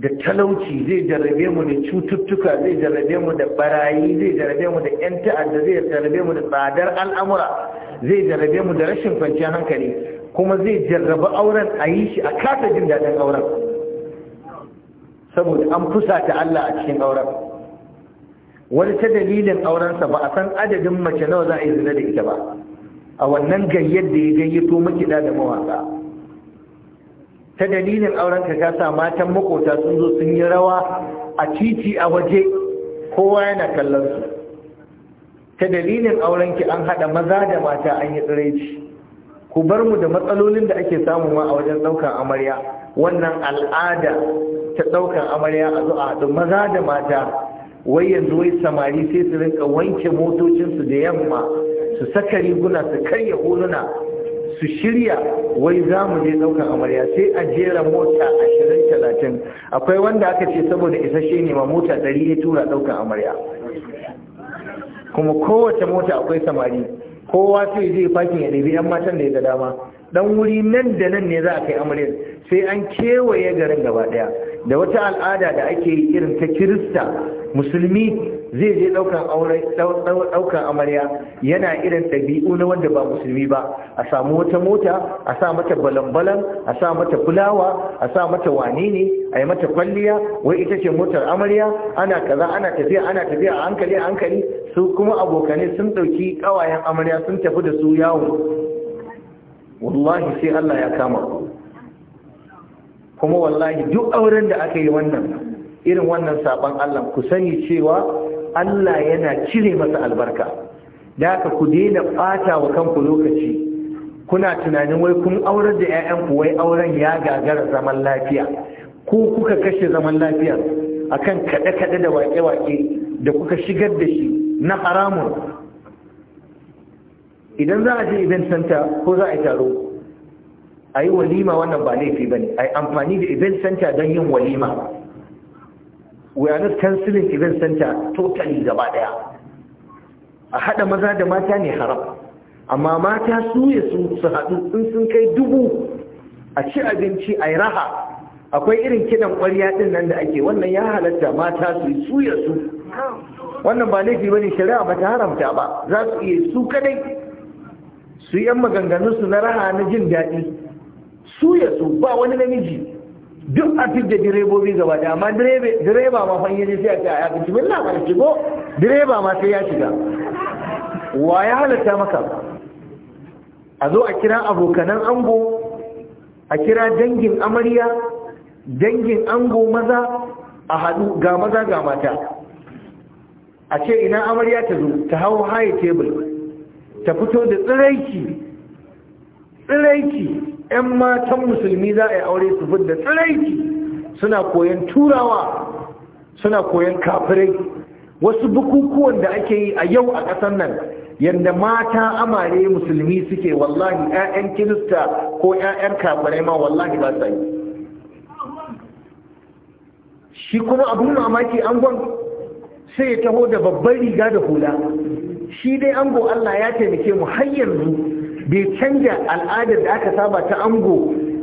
da talauci zai jarrabe mu da cututtuka zai jarrabe mu da barayi zai jarrabe mu da yan ta'adda zai jarrabe mu da tsadar al'amura zai jarrabe mu da rashin kwanciyar hankali kuma zai jarraba auren a yi shi a kasa jin daɗin auren saboda an fusata Allah a cikin auren wani ta dalilin aurensa ba a san adadin mace nawa za a yi zina da ita ba a wannan gayyar da ya gayyato makiɗa da mawaka ta dalilin aurenka ka sa matan makota sun zo sun yi rawa a titi a waje kowa yana kallon su ta dalilin aurenki an haɗa maza da mata an yi tsiraici ku bar mu da matsalolin da ake samu ma a wajen ɗaukar amarya wannan al'ada ta ɗaukar amarya a zo a haɗu maza da mata wai yanzu wai samari sai su rinka wanke motocinsu da yamma su saka riguna su karya huluna su shirya wai za mu je ɗaukar amarya sai a jera mota ashirin talatin akwai wanda aka ce saboda isasshe ne ma mota ɗari ya tura ɗaukar amarya kuma kowace mota akwai samari kowa sai zai fakin ya ɗabi 'yan matan da ya ga dama dan wuri nan da nan ne za a kai amaryar sai an kewaye garin gaba daya da wata al'ada da ake yi irin ta kirista musulmi zai je daukan amarya yana irin ɗabi'u na wanda ba musulmi ba a samu wata mota a sa mata balambalan a sa mata fulawa a sa mata wane ne a yi mata kwalliya wai ita ce motar amarya ana kaza ana tafiya ana tafiya a hankali a hankali su kuma abokanai sun ɗauki ƙawayen amarya sun tafi da su yawo wallahi sai Allah ya kama ku kuma wallahi duk auren da aka yi wannan irin wannan sabon Allah ku sani cewa Allah yana cire masa albarka da ka ku daina bata wa kanku lokaci kuna tunanin wai kun aurar da ku wai auren ya gagara zaman lafiya ko kuka kashe zaman lafiya akan kaɗe-kaɗe da waƙe-waƙe da kuka shigar da shi na haramun idan za a je event center ko za a yi taro a yi walima wannan ba laifi ba ne a yi amfani da event center don yin walima we are not canceling event center totally gaba daya a haɗa maza da mata ne haram amma mata su ya su su haɗu in sun kai dubu a ci abinci a yi raha akwai irin kidan ƙwarya ɗin nan da ake wannan ya halatta mata su su ya su wannan ba laifi ba ne shari'a ba ta haramta ba za su iya su kadai su yan maganganunsu na raha na jin daɗi su ya su ba wani namiji duk a da direbobi gaba da amma direba ma fanye ne sai a ta a cikin ci billah shigo direba ma sai ya shiga wa ya halatta maka a zo a kira abokanan ango a kira dangin amarya dangin ango maza a haɗu ga maza ga mata a ce ina amarya ta zo ta hau haye tebul ta fito da tsiraici tsiraici 'yan matan musulmi za a yi aure su da tsiraici suna koyon turawa suna koyan kafirai wasu bukukuwan da ake yi a yau a ƙasar nan yadda mata amare musulmi suke wallahi 'ya'yan kirista ko 'ya'yan kafirai ma wallahi ba sa yi shi kuma abin mamaki an gwan sai ya taho da babbar riga da hula shi dai ango Allah ya taimake mu har yanzu bai canja al'adar da aka saba ta ango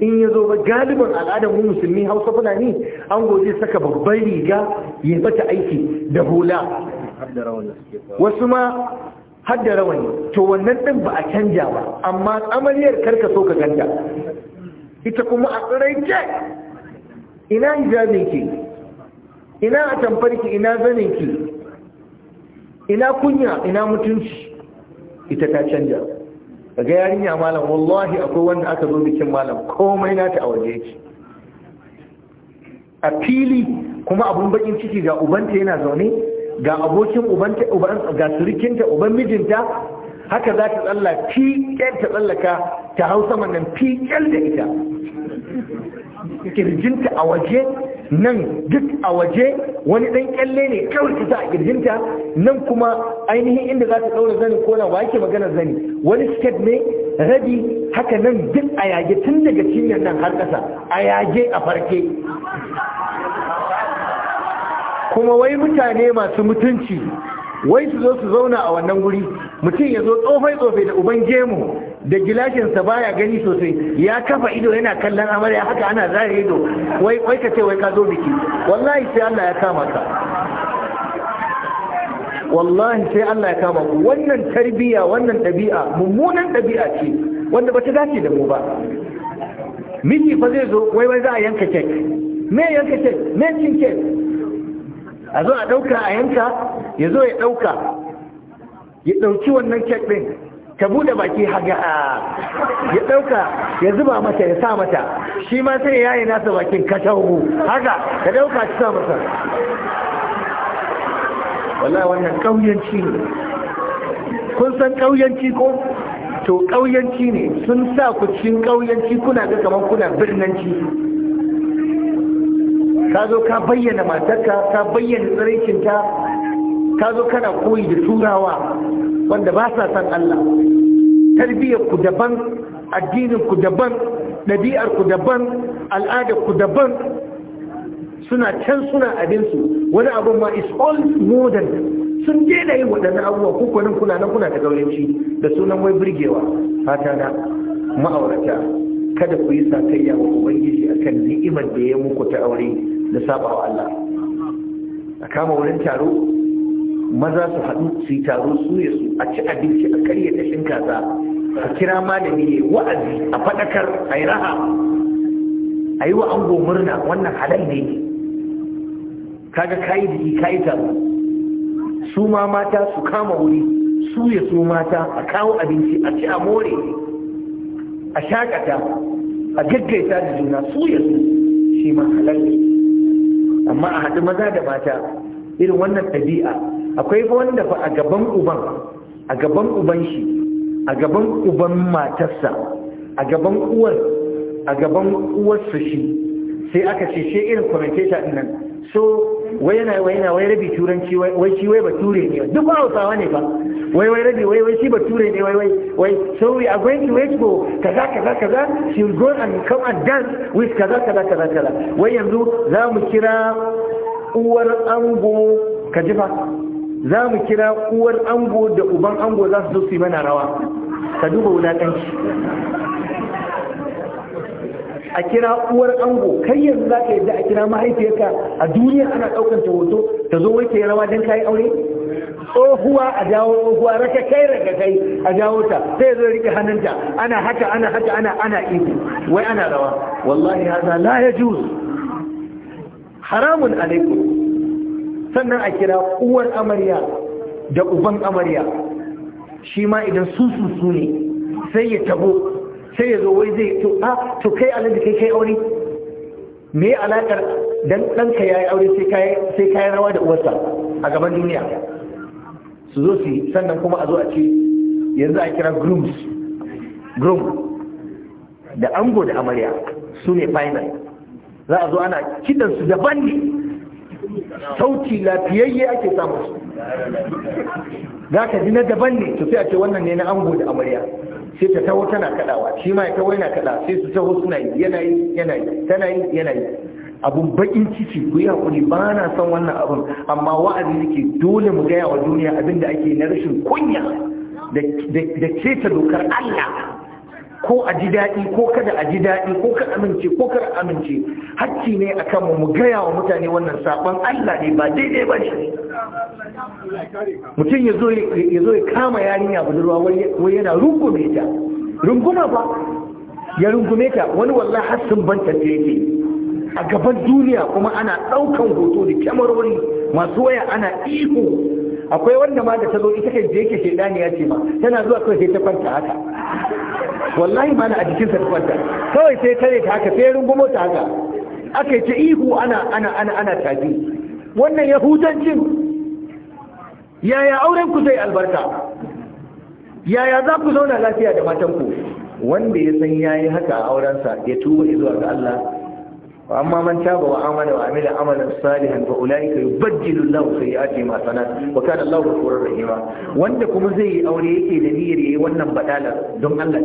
in ya zo ba galibin al'adar mu musulmi hausa fulani ango zai saka babban riga ya bata aiki da hula wasu ma har da rawani to wannan din ba a canja ba amma amaryar karka so ka ganta ita kuma a tsiraice ina hijabinki ina a tamfarki ina zaninki ina kunya ina mutunci ita ta canja ga yarinya malam wallahi akwai wanda aka zo bikin malam komai na ta a waje a fili kuma abun bakin ciki ga ubanta yana zaune ga abokin ubanta ga surikinta uban mijinta haka za ta tsalla fiƙel ta tsallaka ta hau saman nan fiƙel da ita kirjinta a waje nan duk a waje wani ɗan ƙyalle ne kawai ta sa a kirjinta nan kuma ainihin inda za ta ɗaura zani ko na wake maganar zani wani siket ne rabi haka nan duk a yage tun daga cinyar nan har ƙasa a yage a farke kuma wai mutane masu mutunci wai su zo su zauna a wannan guri mutum ya zo tsofai tsofai da uban gemu da gilashinsa baya gani sosai ya kafa ido yana kallon amarya haka ana zare ido wai wai ka ce wai ka zo biki wallahi sai Allah ya kama ka wallahi sai Allah ya kama ku wannan tarbiya wannan ɗabi'a mummunan ɗabi'a ce wanda ba ta dace da mu ba miji fa zai zo wai wai za a yanka kek me yanka kek me cin kek a zo a ɗauka a yanka ya zo ya ɗauka ya ɗauki wannan kek ɗin ta buɗe baki haga ya ɗauka ya zuba mata ya sa mata shi ma sai ya yi nasa bakin katangu haka ka ɗauka ci sa mata wallahi wannan ƙauyanci ne kun san ƙauyanci ko to ƙauyanci ne sun sa ku cikin ƙauyanci kuna ga kamar kuna birnanci ka zo ka bayyana matarka ka bayyana tsiraicinta ka zo kana koyi da turawa wanda ba sa san Allah tarbiyyar ku daban addinin ku daban ɗabi'ar ku daban al'adar ku daban suna can suna abinsu wani abu ma is all modern sun daina yin waɗannan abubuwa ko kwanan kuna nan kuna da gaurinci da sunan wai birgewa fata na ma'aurata kada ku yi sakayya wa ubangiji akan ni'imar da ya muku ta aure da saba wa Allah a kama wurin taro maza su haɗu su yi taro su ya su a ci abinci a karya shinka za a kira malami ne wa'azi a faɗakar a yi raha a yi wa ango murna wannan halal ne kaga kayi biki kayi taro su ma mata su kama wuri su ya su mata a kawo abinci a ci a a shakata a gaggaita da juna su ya su shi ma halal ne amma a haɗu maza da mata irin wannan ɗabi'a akwai wanda fa a gaban uban a gaban uban shi a gaban uban matarsa a gaban uwar a gaban uwarsa shi sai aka ce shi irin commentator nan so wai yana wai yana wai rabi turanci wai shi wai bature ne duk hausawa ne fa wai wai rabi wai wai shi bature ne wai wai wai so we are going to expo kaza kaza kaza she will go and come and dance with kaza kaza kaza kaza wai yanzu za mu kira uwar ango ka ji fa za mu kira uwar ango da uban ango za su zo su yi mana rawa ka duba wulakanci a kira uwar ango kai yanzu za ka yadda a kira mahaifiyarka a duniya ana ɗaukar ta hoto ta zo wai ta yi rawa don kayi aure tsohuwa a jawo tsohuwa raka kai raka kai a jawo ta sai zo rike hannunta ana haka ana haka ana ana wai ana rawa wallahi haza la yajuz haramun alaikum sannan a kira uwar amarya da uban amarya shi ma idan sun su ne sai ya tabo sai ya zo wai zai to a ah, to kai alaji kai kai aure me alakar dan ɗanka ya yi aure sai kayan rawa da uwarsa a gaban duniya su zo su yi sannan kuma a zo a ce yanzu a kira grooms groom da ango da amarya su ne final za a zo ana kidansu daban ne sauti lafiyayye ake samun su za ka ji na daban ne to sai a ce wannan ne na ango da amarya sai ta taho tana kadawa shi ma ya taho yana kada sai su taho suna yi yana yi yana yi tana yi yana yi abun bakin ciki ku yi hakuri ba na son wannan abun amma wa'azi nake dole mu gaya wa duniya abin da ake na rashin kunya da keta dokar Allah ko a ji daɗi ko kada a ji daɗi ko ka amince ko kar amince hakki ne a kanmu mu gaya wa mutane wannan sabon Allah ne ba daidai ba shi mutum ya zo ya kama yarinya budurwa wai yana rungume ta runguma ba ya rungume ta wani wallah har sun banta ta yake a gaban duniya kuma ana ɗaukan hoto da kyamarori masu waya ana ihu akwai wanda ma da ta zo ita kai ke shedani ya ce ma tana zuwa kawai sai ta kwanta haka wallahi ma na a jikinsa ta kwanta kawai sai ta ta haka sai rungumo ta haka aka yi ta ihu ana ana ana ana tafi wannan yahudancin yaya auren ku zai albarka yaya za ku zauna lafiya da matanku wanda ya san yayi haka a aurensa ya tuba zuwa ga Allah وأما من تاب وآمن وعمل عملا صالحا فأولئك يبدل الله سيئاتهم حسنات وكان الله غفورا رحيما wanda kuma zai yi aure yake da niyyar yayi wannan badala don Allah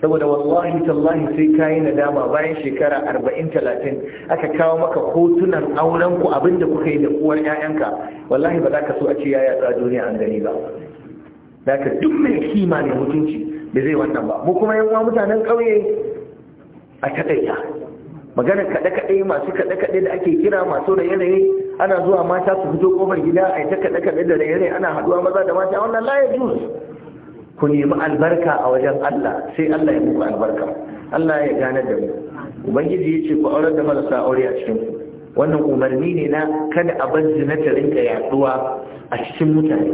saboda wallahi tallahi sai kayi nadama bayan shekara 40 30 aka kawo maka hotunan auren ku abinda kuka yi da uwar ƴaƴanka wallahi ba za ka so a ce yaya tsaya duniya an gani ba zaka duk mai kima ne mutunci da zai wannan ba mu kuma yan mutanen ƙauye a takaita maganar kaɗe-kaɗe masu kaɗe-kaɗe da ake kira masu da yanayi. ana zuwa mata su fito kofar gida a ta kaɗe-kaɗe da yanayi ana haɗuwa maza da mata wannan la ya ku nemi albarka a wajen Allah sai Allah ya muku albarka Allah ya gane da mu ubangiji ya ce ku aurar da marasa aure a cikin ku wannan umarni ne na kada a bar zina ta rinka yaduwa a cikin mutane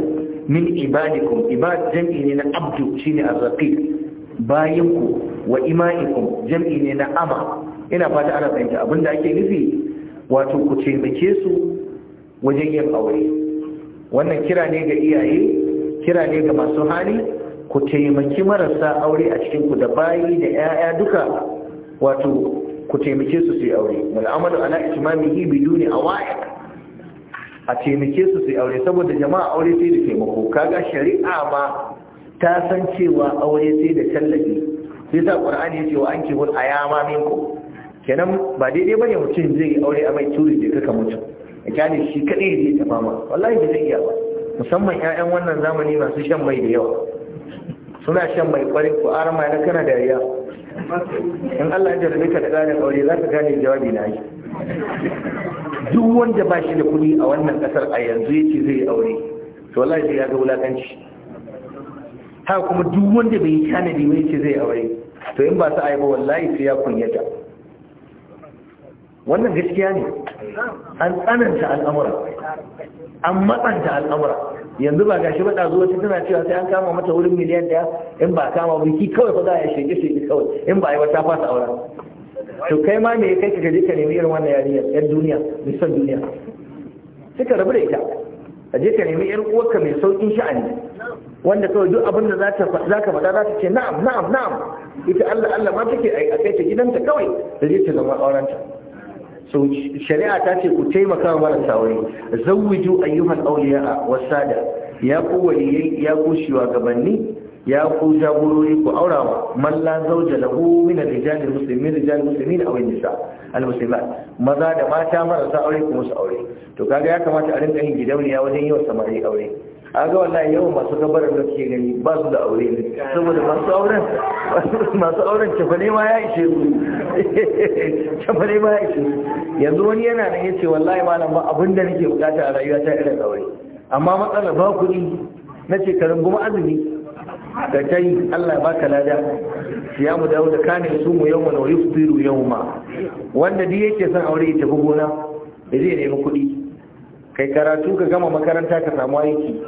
min ibadikum ibad jam'i ne na abdu shine arraqib bayinku wa ima'ikum jam'i ne na ama ina fata ana abin da ake nufi wato ku taimake su wajen yin aure wannan kira ne ga iyaye kira ne ga masu hali ku taimaki marasa aure a cikin ku da bayi da 'ya'ya duka wato ku taimake su su yi aure wal amalu ala itmamihi biduni awaiq a taimake su su aure saboda jama'a aure sai da taimako kaga shari'a ba. ta san cewa aure sai da tallafi sai sa ya ce wa an a ayama ku. kenan ba daidai bane mutum zai yi aure a mai turi da kaka mutum a kyanin shi kadai zai ta fama wallahi ba zai iya ba musamman ƴaƴan wannan zamani masu shan mai da yawa suna shan mai ƙwarin ko rama na kana dariya in Allah ya jarabe ka da ƙarin aure za ka gane jawabi na yi duk wanda ba shi da kuɗi a wannan ƙasar a yanzu yake zai yi aure to wallahi sai ya ga wulakanci haka kuma duk wanda bai yi tanadi mai ce zai aure to in ba su a ba wallahi sai ya kunyata wannan gaskiya ne an tsananta al'amura an matsanta al'amura yanzu ba gashi ba zuwa wata tana cewa sai an kama mata wurin miliyan da in ba kama biki kawai ba za a yi shege shege kawai in ba a yi wata fasa auren to kai ma me kai ka je ka nemi irin wannan yarinyar yan duniya nisan duniya suka rabu da ita ka je ka nemi yar uwarka mai saukin sha'ani wanda kawai duk abin da za ka faɗa za ta ce na'am na'am na'am ita Allah Allah ma take a kai ta gidanta kawai da je ta zama aurenta so shari'a ta ce ku taimaka wa marasa aure zawwiju ayyuhal awliya wasada ya ku waliyai ya ku shugabanni ya ku jagorori ku aurawa man la zawja lahu min ar muslimin rijal muslimin aw nisa almusulma maza da mata marasa aure kuma su aure to kaga ya kamata a rinka yin gidauniya wajen yawan samari aure a ga wallahi yawan masu gabarar da suke gani ba su da aure ne saboda masu auren masu auren cefane ma ya ishe su cefane ma ya ishe su yanzu wani yana da yace wallahi malam ba da nake bukata a rayuwa ta irin aure amma matsalar ba kuɗi na shekarun goma azumi da ta yi Allah baka lada siyamu da kane mu yau mana wayu firu yau ma wanda duk yake son aure ya tafi gona da zai nemi kuɗi kai karatu ka gama makaranta ka samu aiki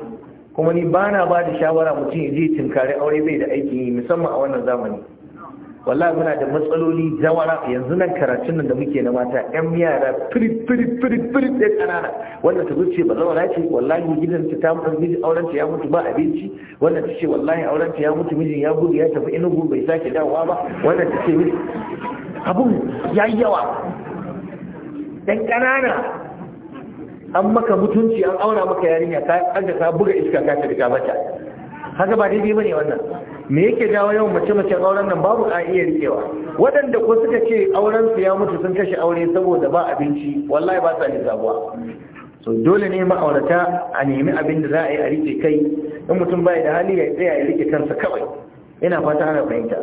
kuma ni bana ba da shawara mutum ya je tinkari aure bai da aiki musamman a wannan zamani wallahi muna da matsaloli jawara yanzu nan karatun nan da muke na mata yan yara firi firi firi firi ɗaya ƙanana Wannan ta zuce ba zaura ce wallahi gidan ta ta mutu miji auren ta ya mutu ba abinci Wannan ta ce wallahi auren ta ya mutu mijin ya gudu ya tafi inugu bai sake dawowa ba Wannan ta ce miji abun yi yawa dan ƙanana an maka mutunci an aura maka yarinya ka an ka buga iska ka ta riga mata haka ba daidai bane wannan me yake jawo yawan mace-macen auren nan babu a iya rikewa waɗanda ko suka ce auren su ya mutu sun kashe aure saboda ba abinci wallahi ba sa zabuwa so dole ne ma'aurata a nemi abin da za a yi a rike kai in mutum bai da hali ya tsaya ya rike kansa kawai ina fata ana fahimta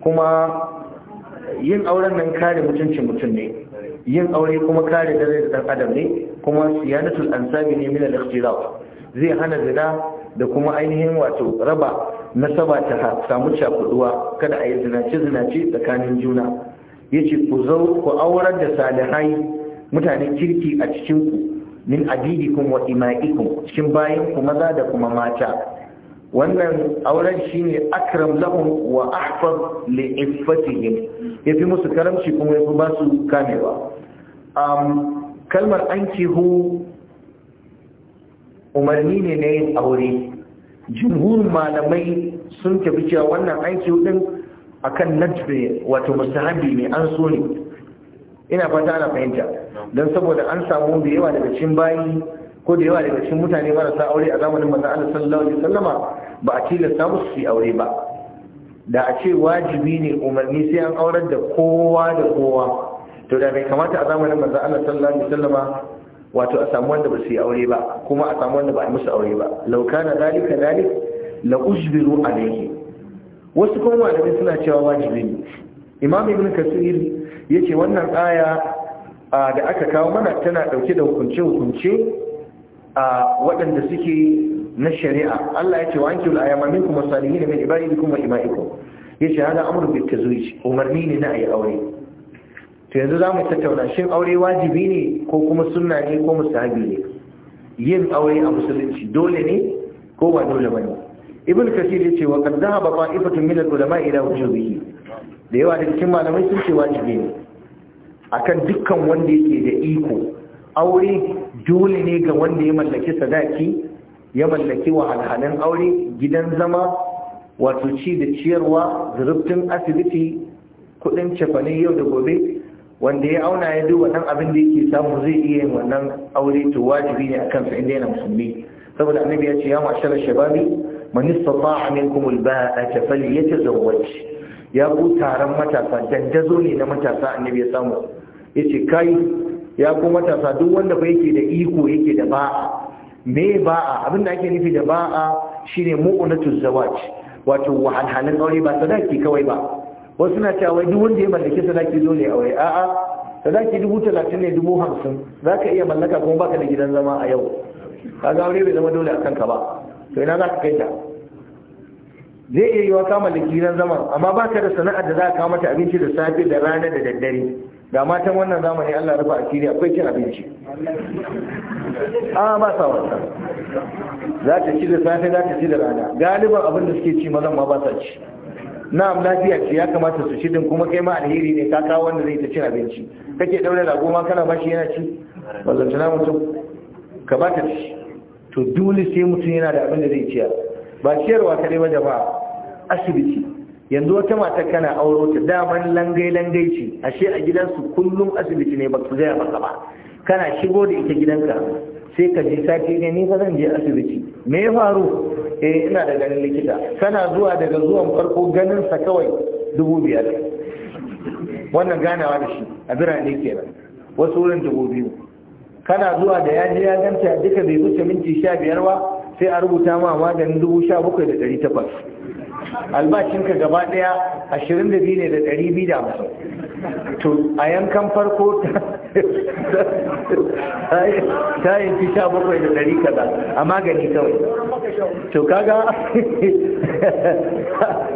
kuma yin auren nan kare mutuncin mutum ne yin aure kuma kare dare da dan adam ne kuma siyanatul ansabi ne min al-ikhtilaf zai hana zina da kuma ainihin wato raba nasaba ta samu cakuduwa kada a yi zinace zinace tsakanin juna Ya ce ku zo ku aurar da salihai mutanen kirki a cikin ku min adidikum wa ima'ikum cikin bayan ku maza da kuma mata wannan auren shine akram lahum wa ahfad li iffatihim yafi musu karamci kuma yafi ba su kamewa um, kalmar ankihu umarni ne na yin aure jumhurin malamai sun tafi cewa wannan aiki a akan najbe wato musahabi ne an so ne ina fata ana fahimta don saboda an samu da yawa daga cikin bayi ko da yawa daga cikin mutane marasa aure a zamanin manzo Allah sallallahu alaihi sallama, ba a tilasta samu su fi aure ba da a ce wajibi ne umarni sai an aurar da kowa da kowa to da bai kamata a zamanin manzo Allah sallallahu alaihi sallama. wato a samu wanda ba su yi aure ba kuma a samu wanda ba a musu aure ba na Dalika, zalik la ujbiru alayhi wasu kuma malamai suna cewa wajibi ne imam ibn kasir yace wannan aya da aka kawo mana tana dauke da hukunce hukunce a waɗanda suke na shari'a Allah ya ce wa ankiul ayama minkum wasalihin min ibadikum wa imaikum yace hada amru bit tazwij umarni ne na ayi aure to yanzu za mu tattauna shin aure wajibi ne ko kuma sunna ne ko musahabi ne yin aure a musulunci dole ne ko ba dole ba ne ibn kasir ce wa zaha ba qa'ifatun min al-ulama ila wujubihi da yawa da cikin malamai sun ce wajibi ne akan dukkan wanda yake da iko aure dole ne ga wanda ya mallaki sadaki ya mallaki wahalhalan aure gidan zama wato ci da ciyarwa zurfin asibiti kudin cefane yau da gobe wanda ya auna ya duba wannan abin da yake samu zai iya yin wannan aure to wajibi ne akan sa inda yana musulmi saboda annabi ya ce ya ma'ashara shababi man istata'a minkum al-ba'a falyatazawwaj ya ku taron matasa dandazo ne na matasa annabi ya samu yace kai ya ku matasa duk wanda ba yake da iko yake da ba'a me ba'a abin da ake nufi da ba'a shine mu'unatu zawaj wato wahalhalin aure ba sadaki kawai ba wasu na cewa wai duk wanda ya mallaki sadaki dole a wai a'a sadaki dubu talatin ne dubu hamsin za ka iya mallaka kuma baka da gidan zama a yau ka ga wani bai zama dole a kanka ba to ina za ka kai ta zai iya yiwa ka mallaki gidan zama amma ba ka da sana'ar da za ka mata abinci da safe da rana da daddare ga matan wannan zamani Allah rufa kiri akwai cin abinci a ba sa wasa za ta ci da safe za ta ci da rana galiban abin da suke ci mazan ma ba sa ci na'am lafiya ce ya kamata su shidin kuma kai ma alheri ne ka kawo wanda zai ta cin abinci kake daure da goma kana bashi yana ci wazanta na mutum ka ba ta ci to dole sai mutum yana da abin da zai ciyar ba ciyarwa kadai ba jama'a asibiti yanzu wata mata kana auro ta daman langai langai ce ashe a gidansu kullum asibiti ne ba ku zaya maka ba kana shigo da ita gidanka sai ka ji sati ne ni zan je asibiti me ya faru eh ina da ganin likita kana zuwa daga zuwan farko ganin sa kawai dubu biyar wannan ganawa da shi a birane kenan wasu wurin dubu biyu kana zuwa da ya je ya ganta duka bai wuce minti sha biyar ba sai a rubuta ma maganin dubu sha bakwai da ɗari takwas albashinka gaba daya 22 ne da 250 to a yankan farko ta yi fi sha bakwai da ɗari kaza a magani kawai to kaga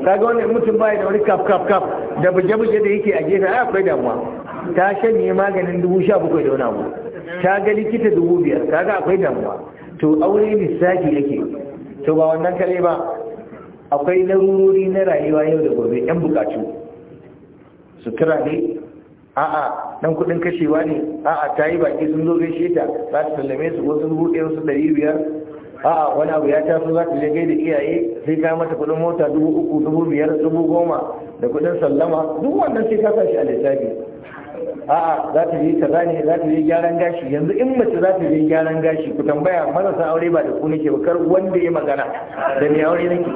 kaga wani mutum baya da wani kaf kaf kaf da buje-buje da yake a gefe a akwai damuwa ta shanye maganin dubu sha bakwai da wani abu ta ga likita dubu biyar kaga akwai damuwa to aure lissafi yake to ba wannan kare ba akwai larurori na rayuwa yau da gobe yan bukatu kira ne a'a dan kudin kashewa ne a'a ta yi baki sun zo gaishe ta za su sallame su wasu buɗe wasu ɗari biyar a'a wani abu ya taso za ta jage da iyaye sai ka mata kudin mota dubu uku dubu biyar dubu goma da kudin sallama duk wannan sai ka sa shi a lissafi a'a za ta je ta zane za ta je gyaran gashi yanzu in mace za ta je gyaran gashi ku tambaya marasa aure ba da ku nake ba kar wanda ya magana da ni aure nake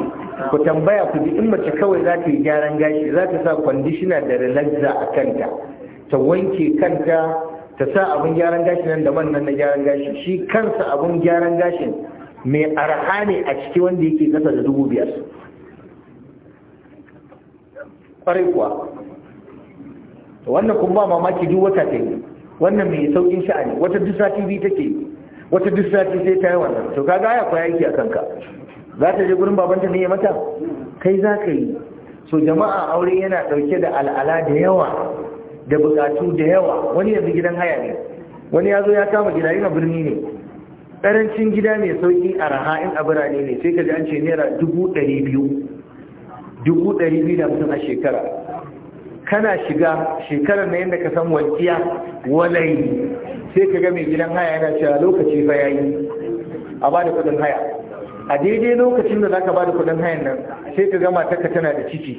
ku tambaya ku ji in mace kawai za ta yi gyaran gashi za ta sa kwandishina da relaxer a kanta ta wanke kanta ta sa abin gyaran gashi nan da man nan na gyaran gashi shi kansa abin gyaran gashin mai arha ne a ciki wanda yake kasa da dubu biyar kwarai kuwa wannan kuma mamaki duk wata ta yi wannan mai saukin sha'ani wata duk sati biyu take wata duk sati sai ta yi wannan to kaga ya kwaya yake a kanka za ta je gurin babanta ne ya mata kai za ka yi so jama'a aure yana ɗauke da al'ala da yawa da bukatu da yawa wani yanzu gidan haya ne wani ya zo ya kama gida yana birni ne ƙarancin gida mai sauƙi a raha in a birane ne sai ka ji an ce naira dubu ɗari biyu dubu ɗari biyu da mutum a shekara kana shiga shekarar na yadda ka san walƙiya walayi sai ka ga mai gidan haya yana cewa lokaci fa yayi a ba da kuɗin haya a daidai lokacin da zaka bada kudin hayan nan sai ka gama ka tana da ciki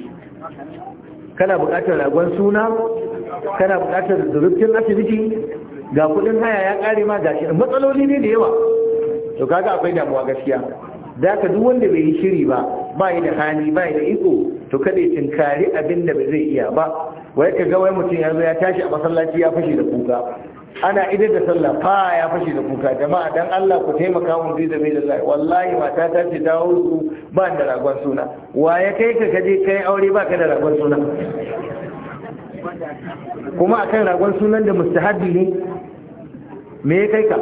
kana bukatar ragon suna kana bukatar zurfin asibiti ga kudin haya ya kare ma gashi matsaloli ne da yawa to kaga akwai damuwa gaskiya da ka duk wanda bai yi shiri ba ba yi da hani, ba yi da iko to kada ya tinkari abin da bai zai iya ba wai ka ga wai mutum ya zo ya tashi a masallaci ya fashe da kuka ana idar da sallah fa ya fashe da kuka jama'a dan Allah ku taimaka mun da mai da wallahi mata ta ce dawo su ba da ragon suna wa ya kai ka kaje kai aure ba ka da ragon suna kuma akan ragon sunan da mustahabi ne me ya kai ka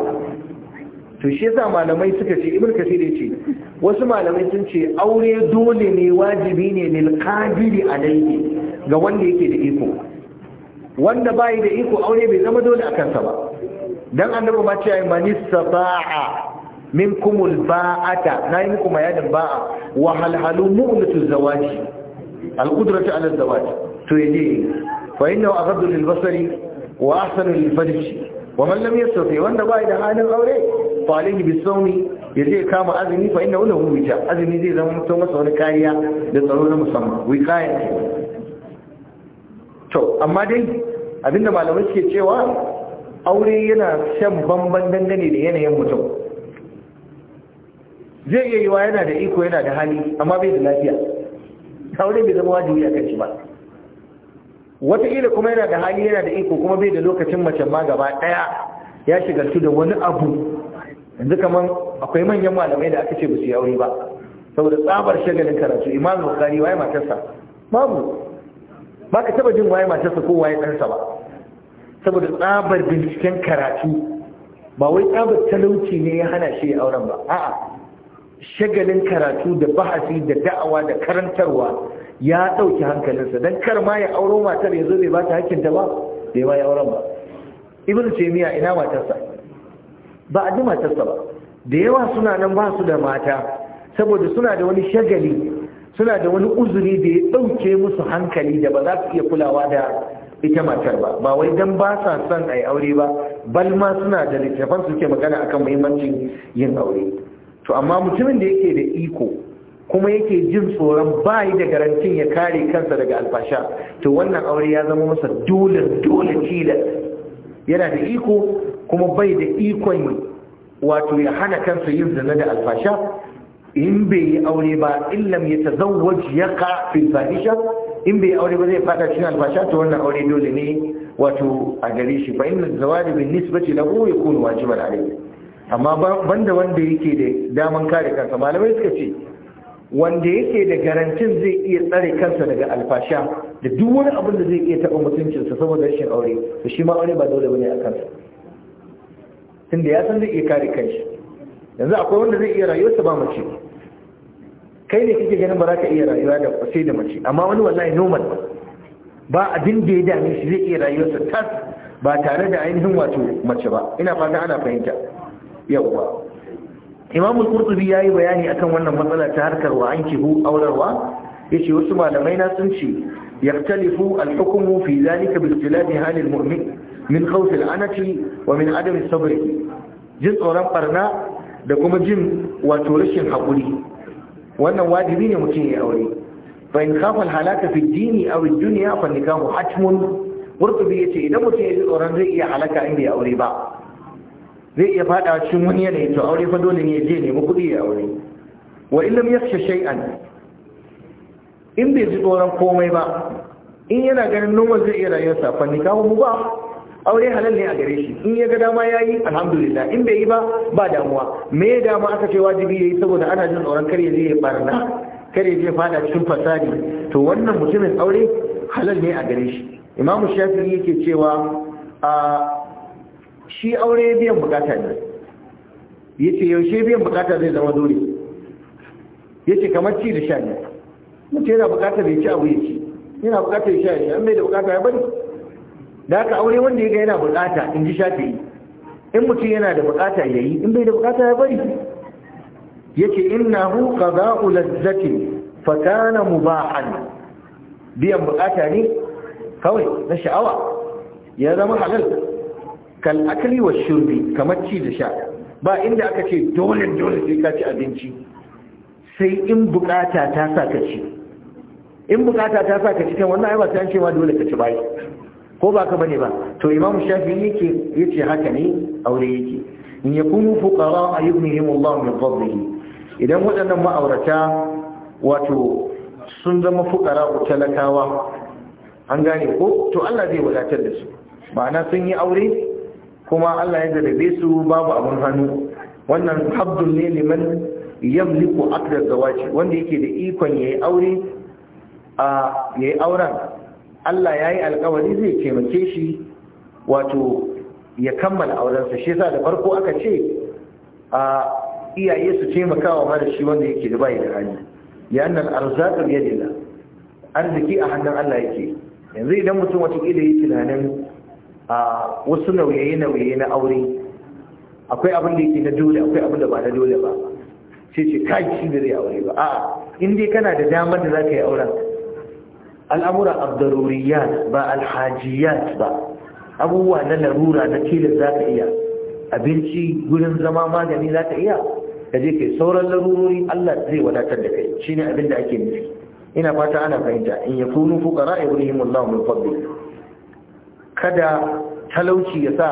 to shi yasa malamai suka ce ibnu kasir ya ce wasu malamai sun ce aure dole ne wajibi ne lil qadiri alayhi ga wanda yake da iko wanda bayi da iko aure bai zama dole a kansa ba dan annabi ma ce ayi mani saba'a minkumul ba'ata nayi muku mayadin ba'a wa halhalu mu'latu zawaji al-qudratu ala zawaj to yaje fa innahu aghaddu lil basari wa ahsanu lil farji wa man lam yastati wanda bayi da halin aure fa alayhi bis sawmi yaje kama azumi fa innahu lahu wija azumi zai zama mutum masa wani kariya da tsaro na musamman wiqaya to amma dai abinda malamai suke cewa aure yana shan bamban dangane da yanayin mutum zai iya yiwa yana da iko yana da hali amma bai da lafiya aure bai zama wajibi a kanshi ba wataƙila kuma yana da hali yana da iko kuma bai da lokacin mace ma gaba ɗaya ya shigartu da wani abu yanzu kamar akwai manyan malamai da aka ce ba su yi aure ba saboda tsabar shagalin karatu imam bukari waye matarsa babu ba ka taba jin waye matarsa ko waye ɗansa ba saboda tsabar binciken karatu ba wai tsabar talauci ne ya hana shi auren ba a'a shagalin karatu da bahasi da da'awa da karantarwa ya ɗauki hankalinsa don kar ma ya auro matar ya zo bai ba ta ba bai ba ya auren ba ibn taymiya ina matarsa ba a ji matarsa ba da yawa suna nan ba su da mata saboda suna da wani shagali suna da wani uzuri da ya ɗauke musu hankali da ba za su iya kulawa da ita matar ba ba wai don ba sa son a yi aure ba bal ma suna da littafan suke magana akan muhimmancin yin aure to amma mutumin da yake da iko kuma yake jin tsoron bayi da garantin ya kare kansa daga alfasha to wannan aure ya zama masa dole dole tilas yana da iko kuma bai da ikon wato ya hana kansa yin zina da alfasha in bai yi aure ba illam ya tazawwaj yaqa fil fahisha in bai aure ba zai fata cikin alfasha to wannan aure dole ne wato a gare shi fa inna zawaji bin nisbati lahu wace ba da amma banda wanda yake da daman kare kansa malamai suka ce wanda yake da garantin zai iya tsare kansa daga alfasha da duk wani abin da zai iya taɓa mutuncinsa saboda rashin aure to shi ma aure ba dole ba ne a kansa tunda ya san zai iya kare kanshi yanzu akwai wanda zai iya rayuwarsa ba mace kai ne kake ganin ba za ka iya rayuwa da sai da mace amma wani wallahi normal ba abin da ya dame shi zai iya rayuwarsa tas ba tare da ainihin wato mace ba ina fata ana fahimta yawwa imamu ya yi bayani akan wannan matsala ta harkar wa ankihu aurarwa ce wasu malamai na sun ce yaktalifu alhukumu fi zalika bi ikhtilafi halil mu'min min khawf al-anati wa min adam as-sabr jin tsoron barna da kuma jin wato rashin haƙuri wannan wajibi ne mutum ya aure fa in khafa halaka fi dini aw ad-dunya fa nikahu hatmun qurtubi yace idan mutum ya ji tsoron zai iya halaka in bai aure ba zai iya fada cikin wani yanayi to aure fa dole ne ya je nemi kuɗi ya aure wa in lam yakhsha shay'an in bai ji tsoron komai ba in yana ganin noma zai iya rayuwarsa fa nikahu mubah aure halal ne a gare shi in ya ga dama yayi alhamdulillah in bai yi ba ba damuwa me ya dama aka ce wajibi yayi saboda ana jin tsoron kar ya je ya barna kar ya je fada cikin fasadi to wannan mutumin aure halal ne a gare shi imamu shafi'i yake cewa a shi aure biyan bukata ne yace yaushe biyan bukata zai zama dole yace kamar ci da sha ne mutum yana bukatar ya ci abu ya ci yana bukatar ya sha ya sha an bai da bukata ya bari da aka aure wanda ya ga yana bukata in ji shafi in mutum yana da bukata ya yi in bai da bukata ya bari yake innahu qada'u lazzatin mu ba hannu biyan bukata ne kawai na sha'awa ya zama halal kan akali wa shirbi kamar ci da sha ba inda aka ce dole dole sai ka ci abinci sai in bukata ta sa ka ci in bukata ta sa ka ci kan wannan ayyuka ta sai ma dole ka ci bai ko ba ka bane ba to imam shafi yake yace haka ne aure yake in yakunu fuqara yughnihim Allah min fadlihi idan waɗannan ma'aurata wato sun zama fuqara ko talakawa an gane ko to Allah zai wadatar da su ma'ana sun yi aure kuma Allah ya zarabe su babu abun hannu wannan habdun ne liman yamliku akdar zawaji wanda yake da ikon yayi aure a yayi auren Allah ya yi alkawari zai taimake shi wato ya kammala aurensa shi yasa da farko aka ce a iyaye su wa mara shi wanda yake da bai da hali ya annal arzaqa bi yadillah arziki a hannun Allah yake yanzu idan mutum wata kila yi tunanin a wasu nauyaye nauyaye na aure akwai abin da yake na dole akwai abin da ba na dole ba sai ce kai shi da zai aure ba a'a in dai kana da damar da zaka yi auren al'amura abdaruriyat ba alhajiyat ba abubuwa na larura na tilin za ka iya abinci gurin zama magani za ka iya ka je kai sauran larurori Allah zai wadatar da kai ne abin da ake nufi ina fata ana fahimta in ya yakunu wuri himun Allah mai fadli kada talauci ya sa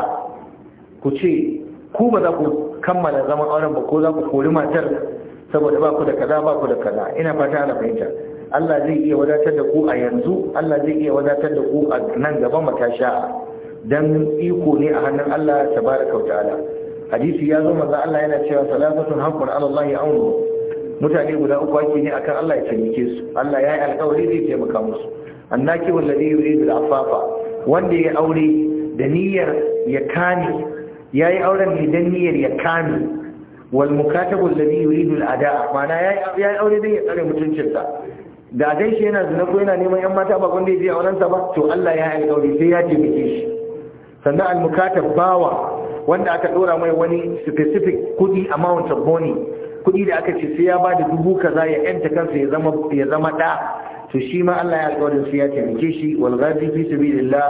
ku ce ku ba za ku kammala zaman auren ba ko za ku kori matar saboda ba ku da kaza ba ku da kaza ina fata ana fahimta Allah zai iya wadatar da ku a yanzu Allah zai iya wadatar da ku a nan gaba matasha dan iko ne a hannun Allah tabaraka ta'ala hadisi ya zo manzo Allah yana cewa salafatun haqqun ala Allah ya'unu mutane guda uku ake ne akan Allah ya taimake su Allah ya yi alƙawari zai taimaka musu annaki wallazi yuridu al-afafa wanda ya aure da niyyar ya kani yayi auren ne dan niyyar ya kani wal mukatabu alladhi yuridu al-ada mana yayi aure dan ya tsare mutuncinsa da shi yana zina ko yana neman yan mata ba wanda ya je sa ba to Allah ya alƙawari sai ya taimake shi sannan almukatab bawa wanda aka dora mai wani specific kudi amount of money kudi da aka ce sai ya ba da dubu kaza ya yanta kansa ya zama ya zama da to shi ma Allah ya alƙawarin sai ya taimake shi wal ghadi fi sabilillah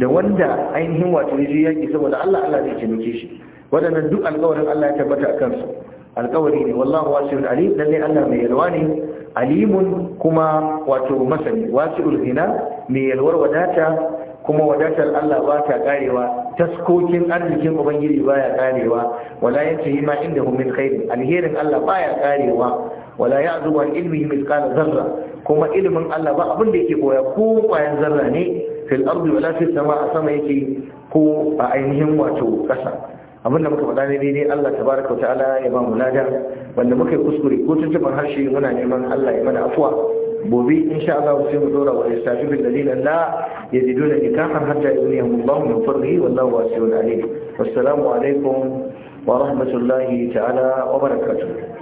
da wanda ainihin wato yaji yaki saboda Allah Allah zai taimake shi wadannan duk alƙawarin Allah ya tabbata akan su alƙawari ne wallahu wasi'ul alim lalle Allah mai yalwa ne alimun kuma wato masani wasi'ul ghina mai yalwar wadata kuma wadatar Allah ba ta karewa taskokin arzikin ubangiji baya karewa wala yi ma indahu min khair alherin Allah baya karewa wala ya'zubu an ilmihi mithqala zarra kuma ilimin Allah ba abin da yake koya ko kwayan zarra ne fil ardi wala fis a sama yake ko a ainihin wato kasa abinda muka faɗa ne daidai Allah tabaraka ta'ala ya ba mu lada wanda muka yi kuskure ko tuntuban harshe muna neman Allah ya mana afuwa gobe insha Allah sai mu dora wa istafi bil dalil la yajiduna nikahan hatta yughniyahum Allah min fadlihi wallahu wasi'un alim wassalamu alaikum wa rahmatullahi ta'ala wa barakatuh